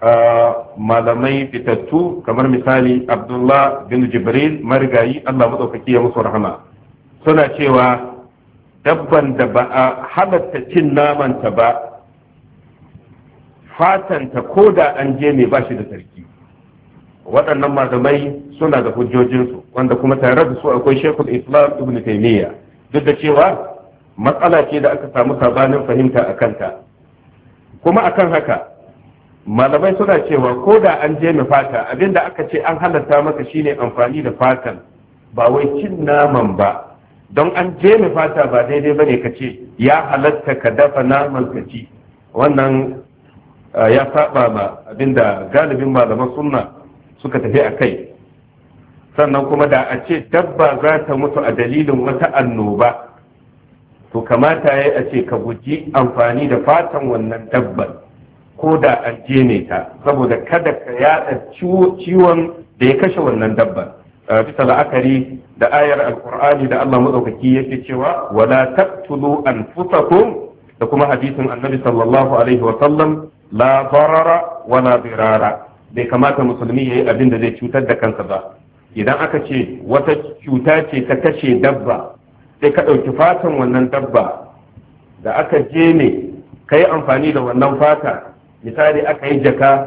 ah, malamai fitattu kamar misali abdullah bin jibril marigayi allah matsaukaki ya musu rahama suna cewa dabban da ba a halatta cin namanta ba fatanta ko da an je ne ba shi da sarki waɗannan malamai suna da hujjojinsu wanda kuma tare da su akwai shekul islam ibn taimiyya duk da cewa matsala ce da aka samu sabanin fahimta a kanta kuma akan haka malamai suna cewa ko da an je mu fata abinda aka ce an halatta maka shine amfani da fatan ba wai cin naman ba don an je mu fata ba daidai bane ka ce ya halatta ka dafa naman ka ci wannan ya saba ma abinda galibin malaman sunna suka tafi a kai sannan kuma da a ce dabba za ta mutu a dalilin wata annoba to kamata ya a ce ka guji amfani da fatan wannan dabbar ko da an jene ta saboda kada ka yada ciwon da ya kashe wannan dabbar uh, bisa la'akari da ayar alkur'ani da Allah madaukaki yake cewa wala taqtulu anfusakum da kuma hadisin annabi sallallahu alaihi wa sallam la darara wala dirara bai kamata musulmi yayi abin da zai cutar da kansa ba idan aka ce wata cuta ce ta kashe dabba sai ka ɗauki fatan wannan dabba da aka je ne ka yi amfani da wannan fata misali aka yi jaka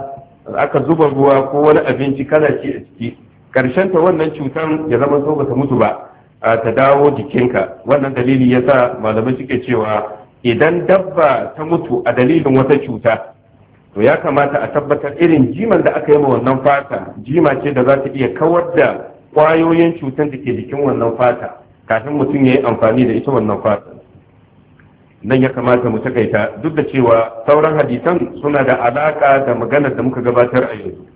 aka zuba ruwa ko wani abinci kana ci a ciki karshen ta wannan cutar ya zama so bata mutu ba a ta dawo jikinka wannan dalili sa malamai suke cewa idan dabba ta mutu a dalilin wata cuta to ya kamata a tabbatar irin jiman da aka yi ma wannan fata jima ce da za ta iya kawar da ƙwayoyin cutar da ke jikin wannan fata kafin mutum ya yi amfani da ita wannan fata nan ya kamata mu takaita duk da cewa sauran hadisan suna da alaka da maganar da muka gabatar a yanzu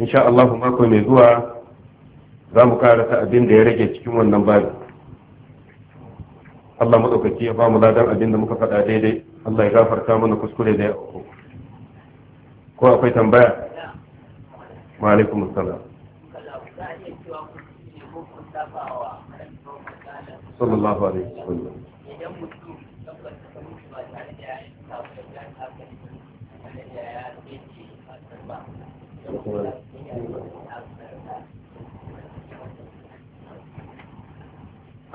insha Allah mako mai zuwa za mu karasa abin da ya rage cikin wannan babu Allah maɗaukaki ya ba mu ladan abin da muka faɗa daidai Allah ya gafarta mana kuskure da ya ko akwai tambaya wa alaikum assalam sallallahu alaihi wasallam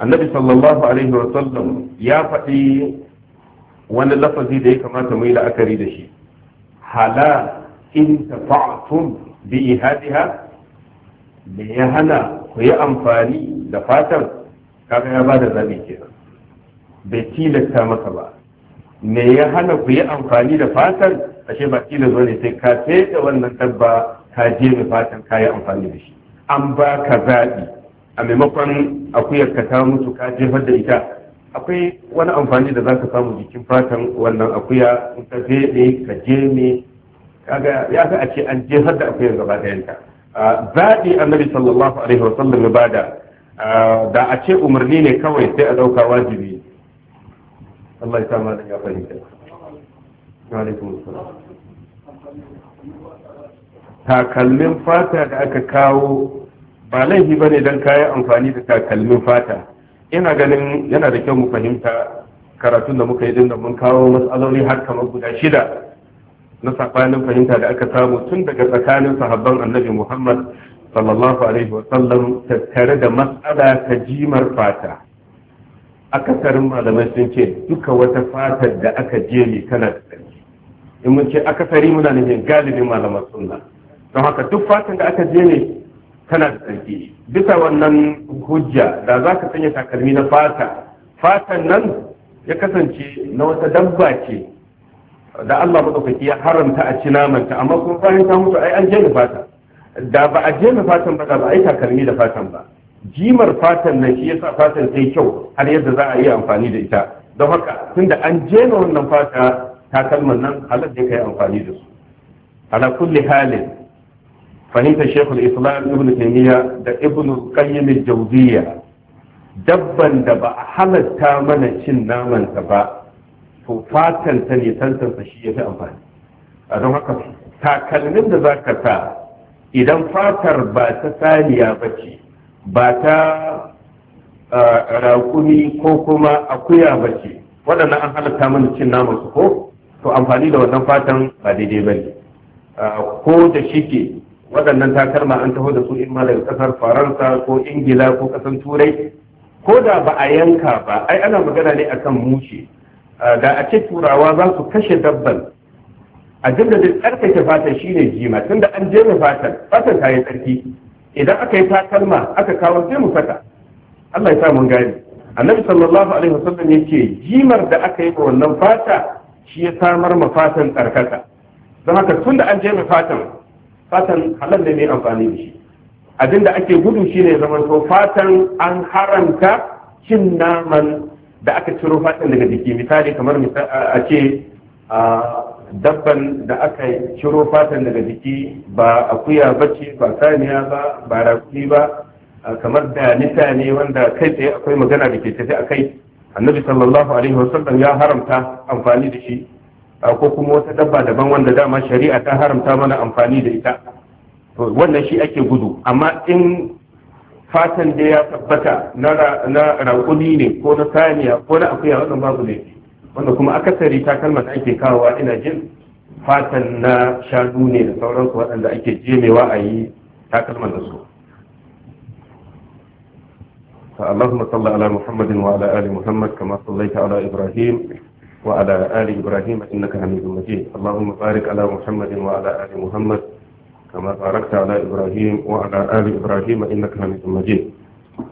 annabi sallallahu alaihi wasallam ya faɗi wani lafazi da ya kamata mu yi la'akari da shi hala in tafa'tum bi ihadiha me ya hana ku yi amfani da fatar kaga ya bada zabi kenan bai tilasta maka ba me ya hana ku yi amfani da fatan ashe ba kila zo ne sai ka da wannan dabba ka je mai fatan ka yi amfani da shi an ba ka zaɓi a maimakon akuyar ka ta mutu ka jefar da ita akwai wani amfani da za ka samu jikin fatan wannan akuya in ka feɗe ka jeme kaga ya ga a ce an jefar da akuyar gaba ɗayanta zaɓi annabi sallallahu alaihi wasallam ya bada Eh, da a ce umarni ne kawai sai a ɗauka wajibi Allah ya kama da ya fahimta takalmin fata da aka kawo ba laifi ba ne don kayan amfani da takalmin fata ina ganin yana da kyau mu fahimta karatun da muka yi din da mun kawo matsaloli har kamar guda shida na saɓanin fahimta da aka samu tun daga tsakanin sahabban annabi muhammad sallallahu alaihi wa sallam tattare da matsala ta jimar fata akasarin malamai sun ce duka wata fatar da aka jemi tana da tsarki in mun ce akasari muna nufin galibin malaman sunna don haka duk fatan da aka jemi tana da tsarki bisa wannan hujja da za ka sanya takalmi na fata fatan nan ya kasance na wata dabba ce da Allah maɗaukaki ya haramta a ci namanta amma kuma fahimta ta mutu ai an jemi fata da ba a jefa fatan ba da ba a yi takalmi da fatan ba jimar fatan nan shi yasa fatan ta yi kyau har yadda za a yi amfani da ita don haka tunda an jefa wannan fata takalman nan halar da ka yi amfani da su ala kulli halin fahimtar shekul islam ibn taymiya da ibn qayyim al dabban da ba a halatta mana cin namanta ba to fatan ta ne tantansa shi ya fi amfani a don haka takalmin da za ka sa idan fatar ba ta saniya ba ce ba ta rakumi ko kuma akuya ba ce waɗannan an halatta mana cin naman su ko to amfani da wannan fatan ba daidai ba ne ko da shige waɗannan takarma an taho da su in ma daga ƙasar faransa ko ingila ko ƙasar turai ko da ba a yanka ba ai ana magana ne akan mushe da a ce turawa za su kashe dabban abin da zai tsarkake fatar shine jima da an jeme fatar fatar ta yi tsarki idan aka yi takalma aka kawo sai mu saka Allah ya sa mun gane annabi sallallahu alaihi wasallam yace jimar da aka yi wannan fata shi ya samar ma fatan tsarkaka don haka da an jeme fatan fatan halal ne mai amfani da shi abin da ake gudu shine ya to fatan an haramta cin naman da aka ciro fatan daga jiki misali kamar a ce dabban da aka ciro fatan daga jiki ba akuya ba ce ba saniya ba ba rakuni ba kamar da nita wanda kai tsaye akwai magana da ke tafi a kai annabi sallallahu alaihi wasallam ya haramta amfani da shi ko kuma wata dabba daban wanda dama shari'a ta haramta mana amfani da ita to wannan shi ake gudu amma in fatan da ya tabbata na raƙuni ne ko na saniya ko na akuya wannan babu ne wanda kuma akasari takalman da ake kawowa ina jin fatan na shanu ne da sauransu waɗanda ake jemewa a yi takalman da su اللهم صل على محمد وعلى آل محمد كما صليت على إبراهيم وعلى آل إبراهيم إنك حميد مجيد اللهم بارك على محمد وعلى آل محمد كما باركت على إبراهيم وعلى آل إبراهيم إنك حميد مجيد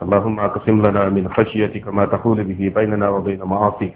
اللهم اقسم لنا من خشيتك ما تحول به بيننا وبين معاصيك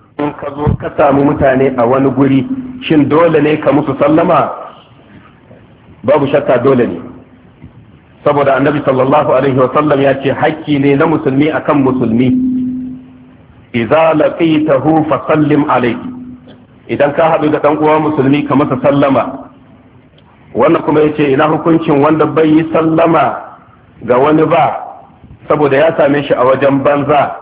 in ka zo ka samu mutane a wani guri shin dole ne ka musu sallama babu shakka dole ne saboda annabi sallallahu alaihi wa sallam ya ce hakki ne na musulmi akan musulmi idza laqitahu fa sallim alayhi idan ka haɗu da dan uwa musulmi ka masa sallama wannan kuma yace ina hukuncin wanda bai yi sallama ga wani ba saboda ya same shi a wajen banza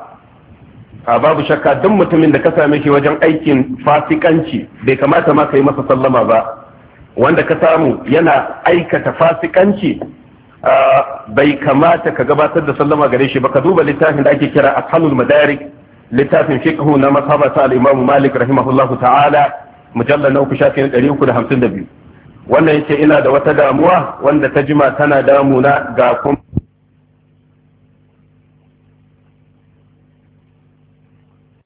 A babu shakka duk mutumin da ka same shi wajen aikin fasikanci bai kamata ma ka yi masa sallama ba wanda ka samu yana aikata fasikanci bai kamata ka gabatar da sallama gare shi ba ka duba littafin da ake kira ashalul madarik littafin fiqhu na masaba ta al-imam malik rahimahullahu ta'ala mujallar na uku shafi biyu wannan yake ina da wata damuwa wanda ta jima tana damuna ga kuma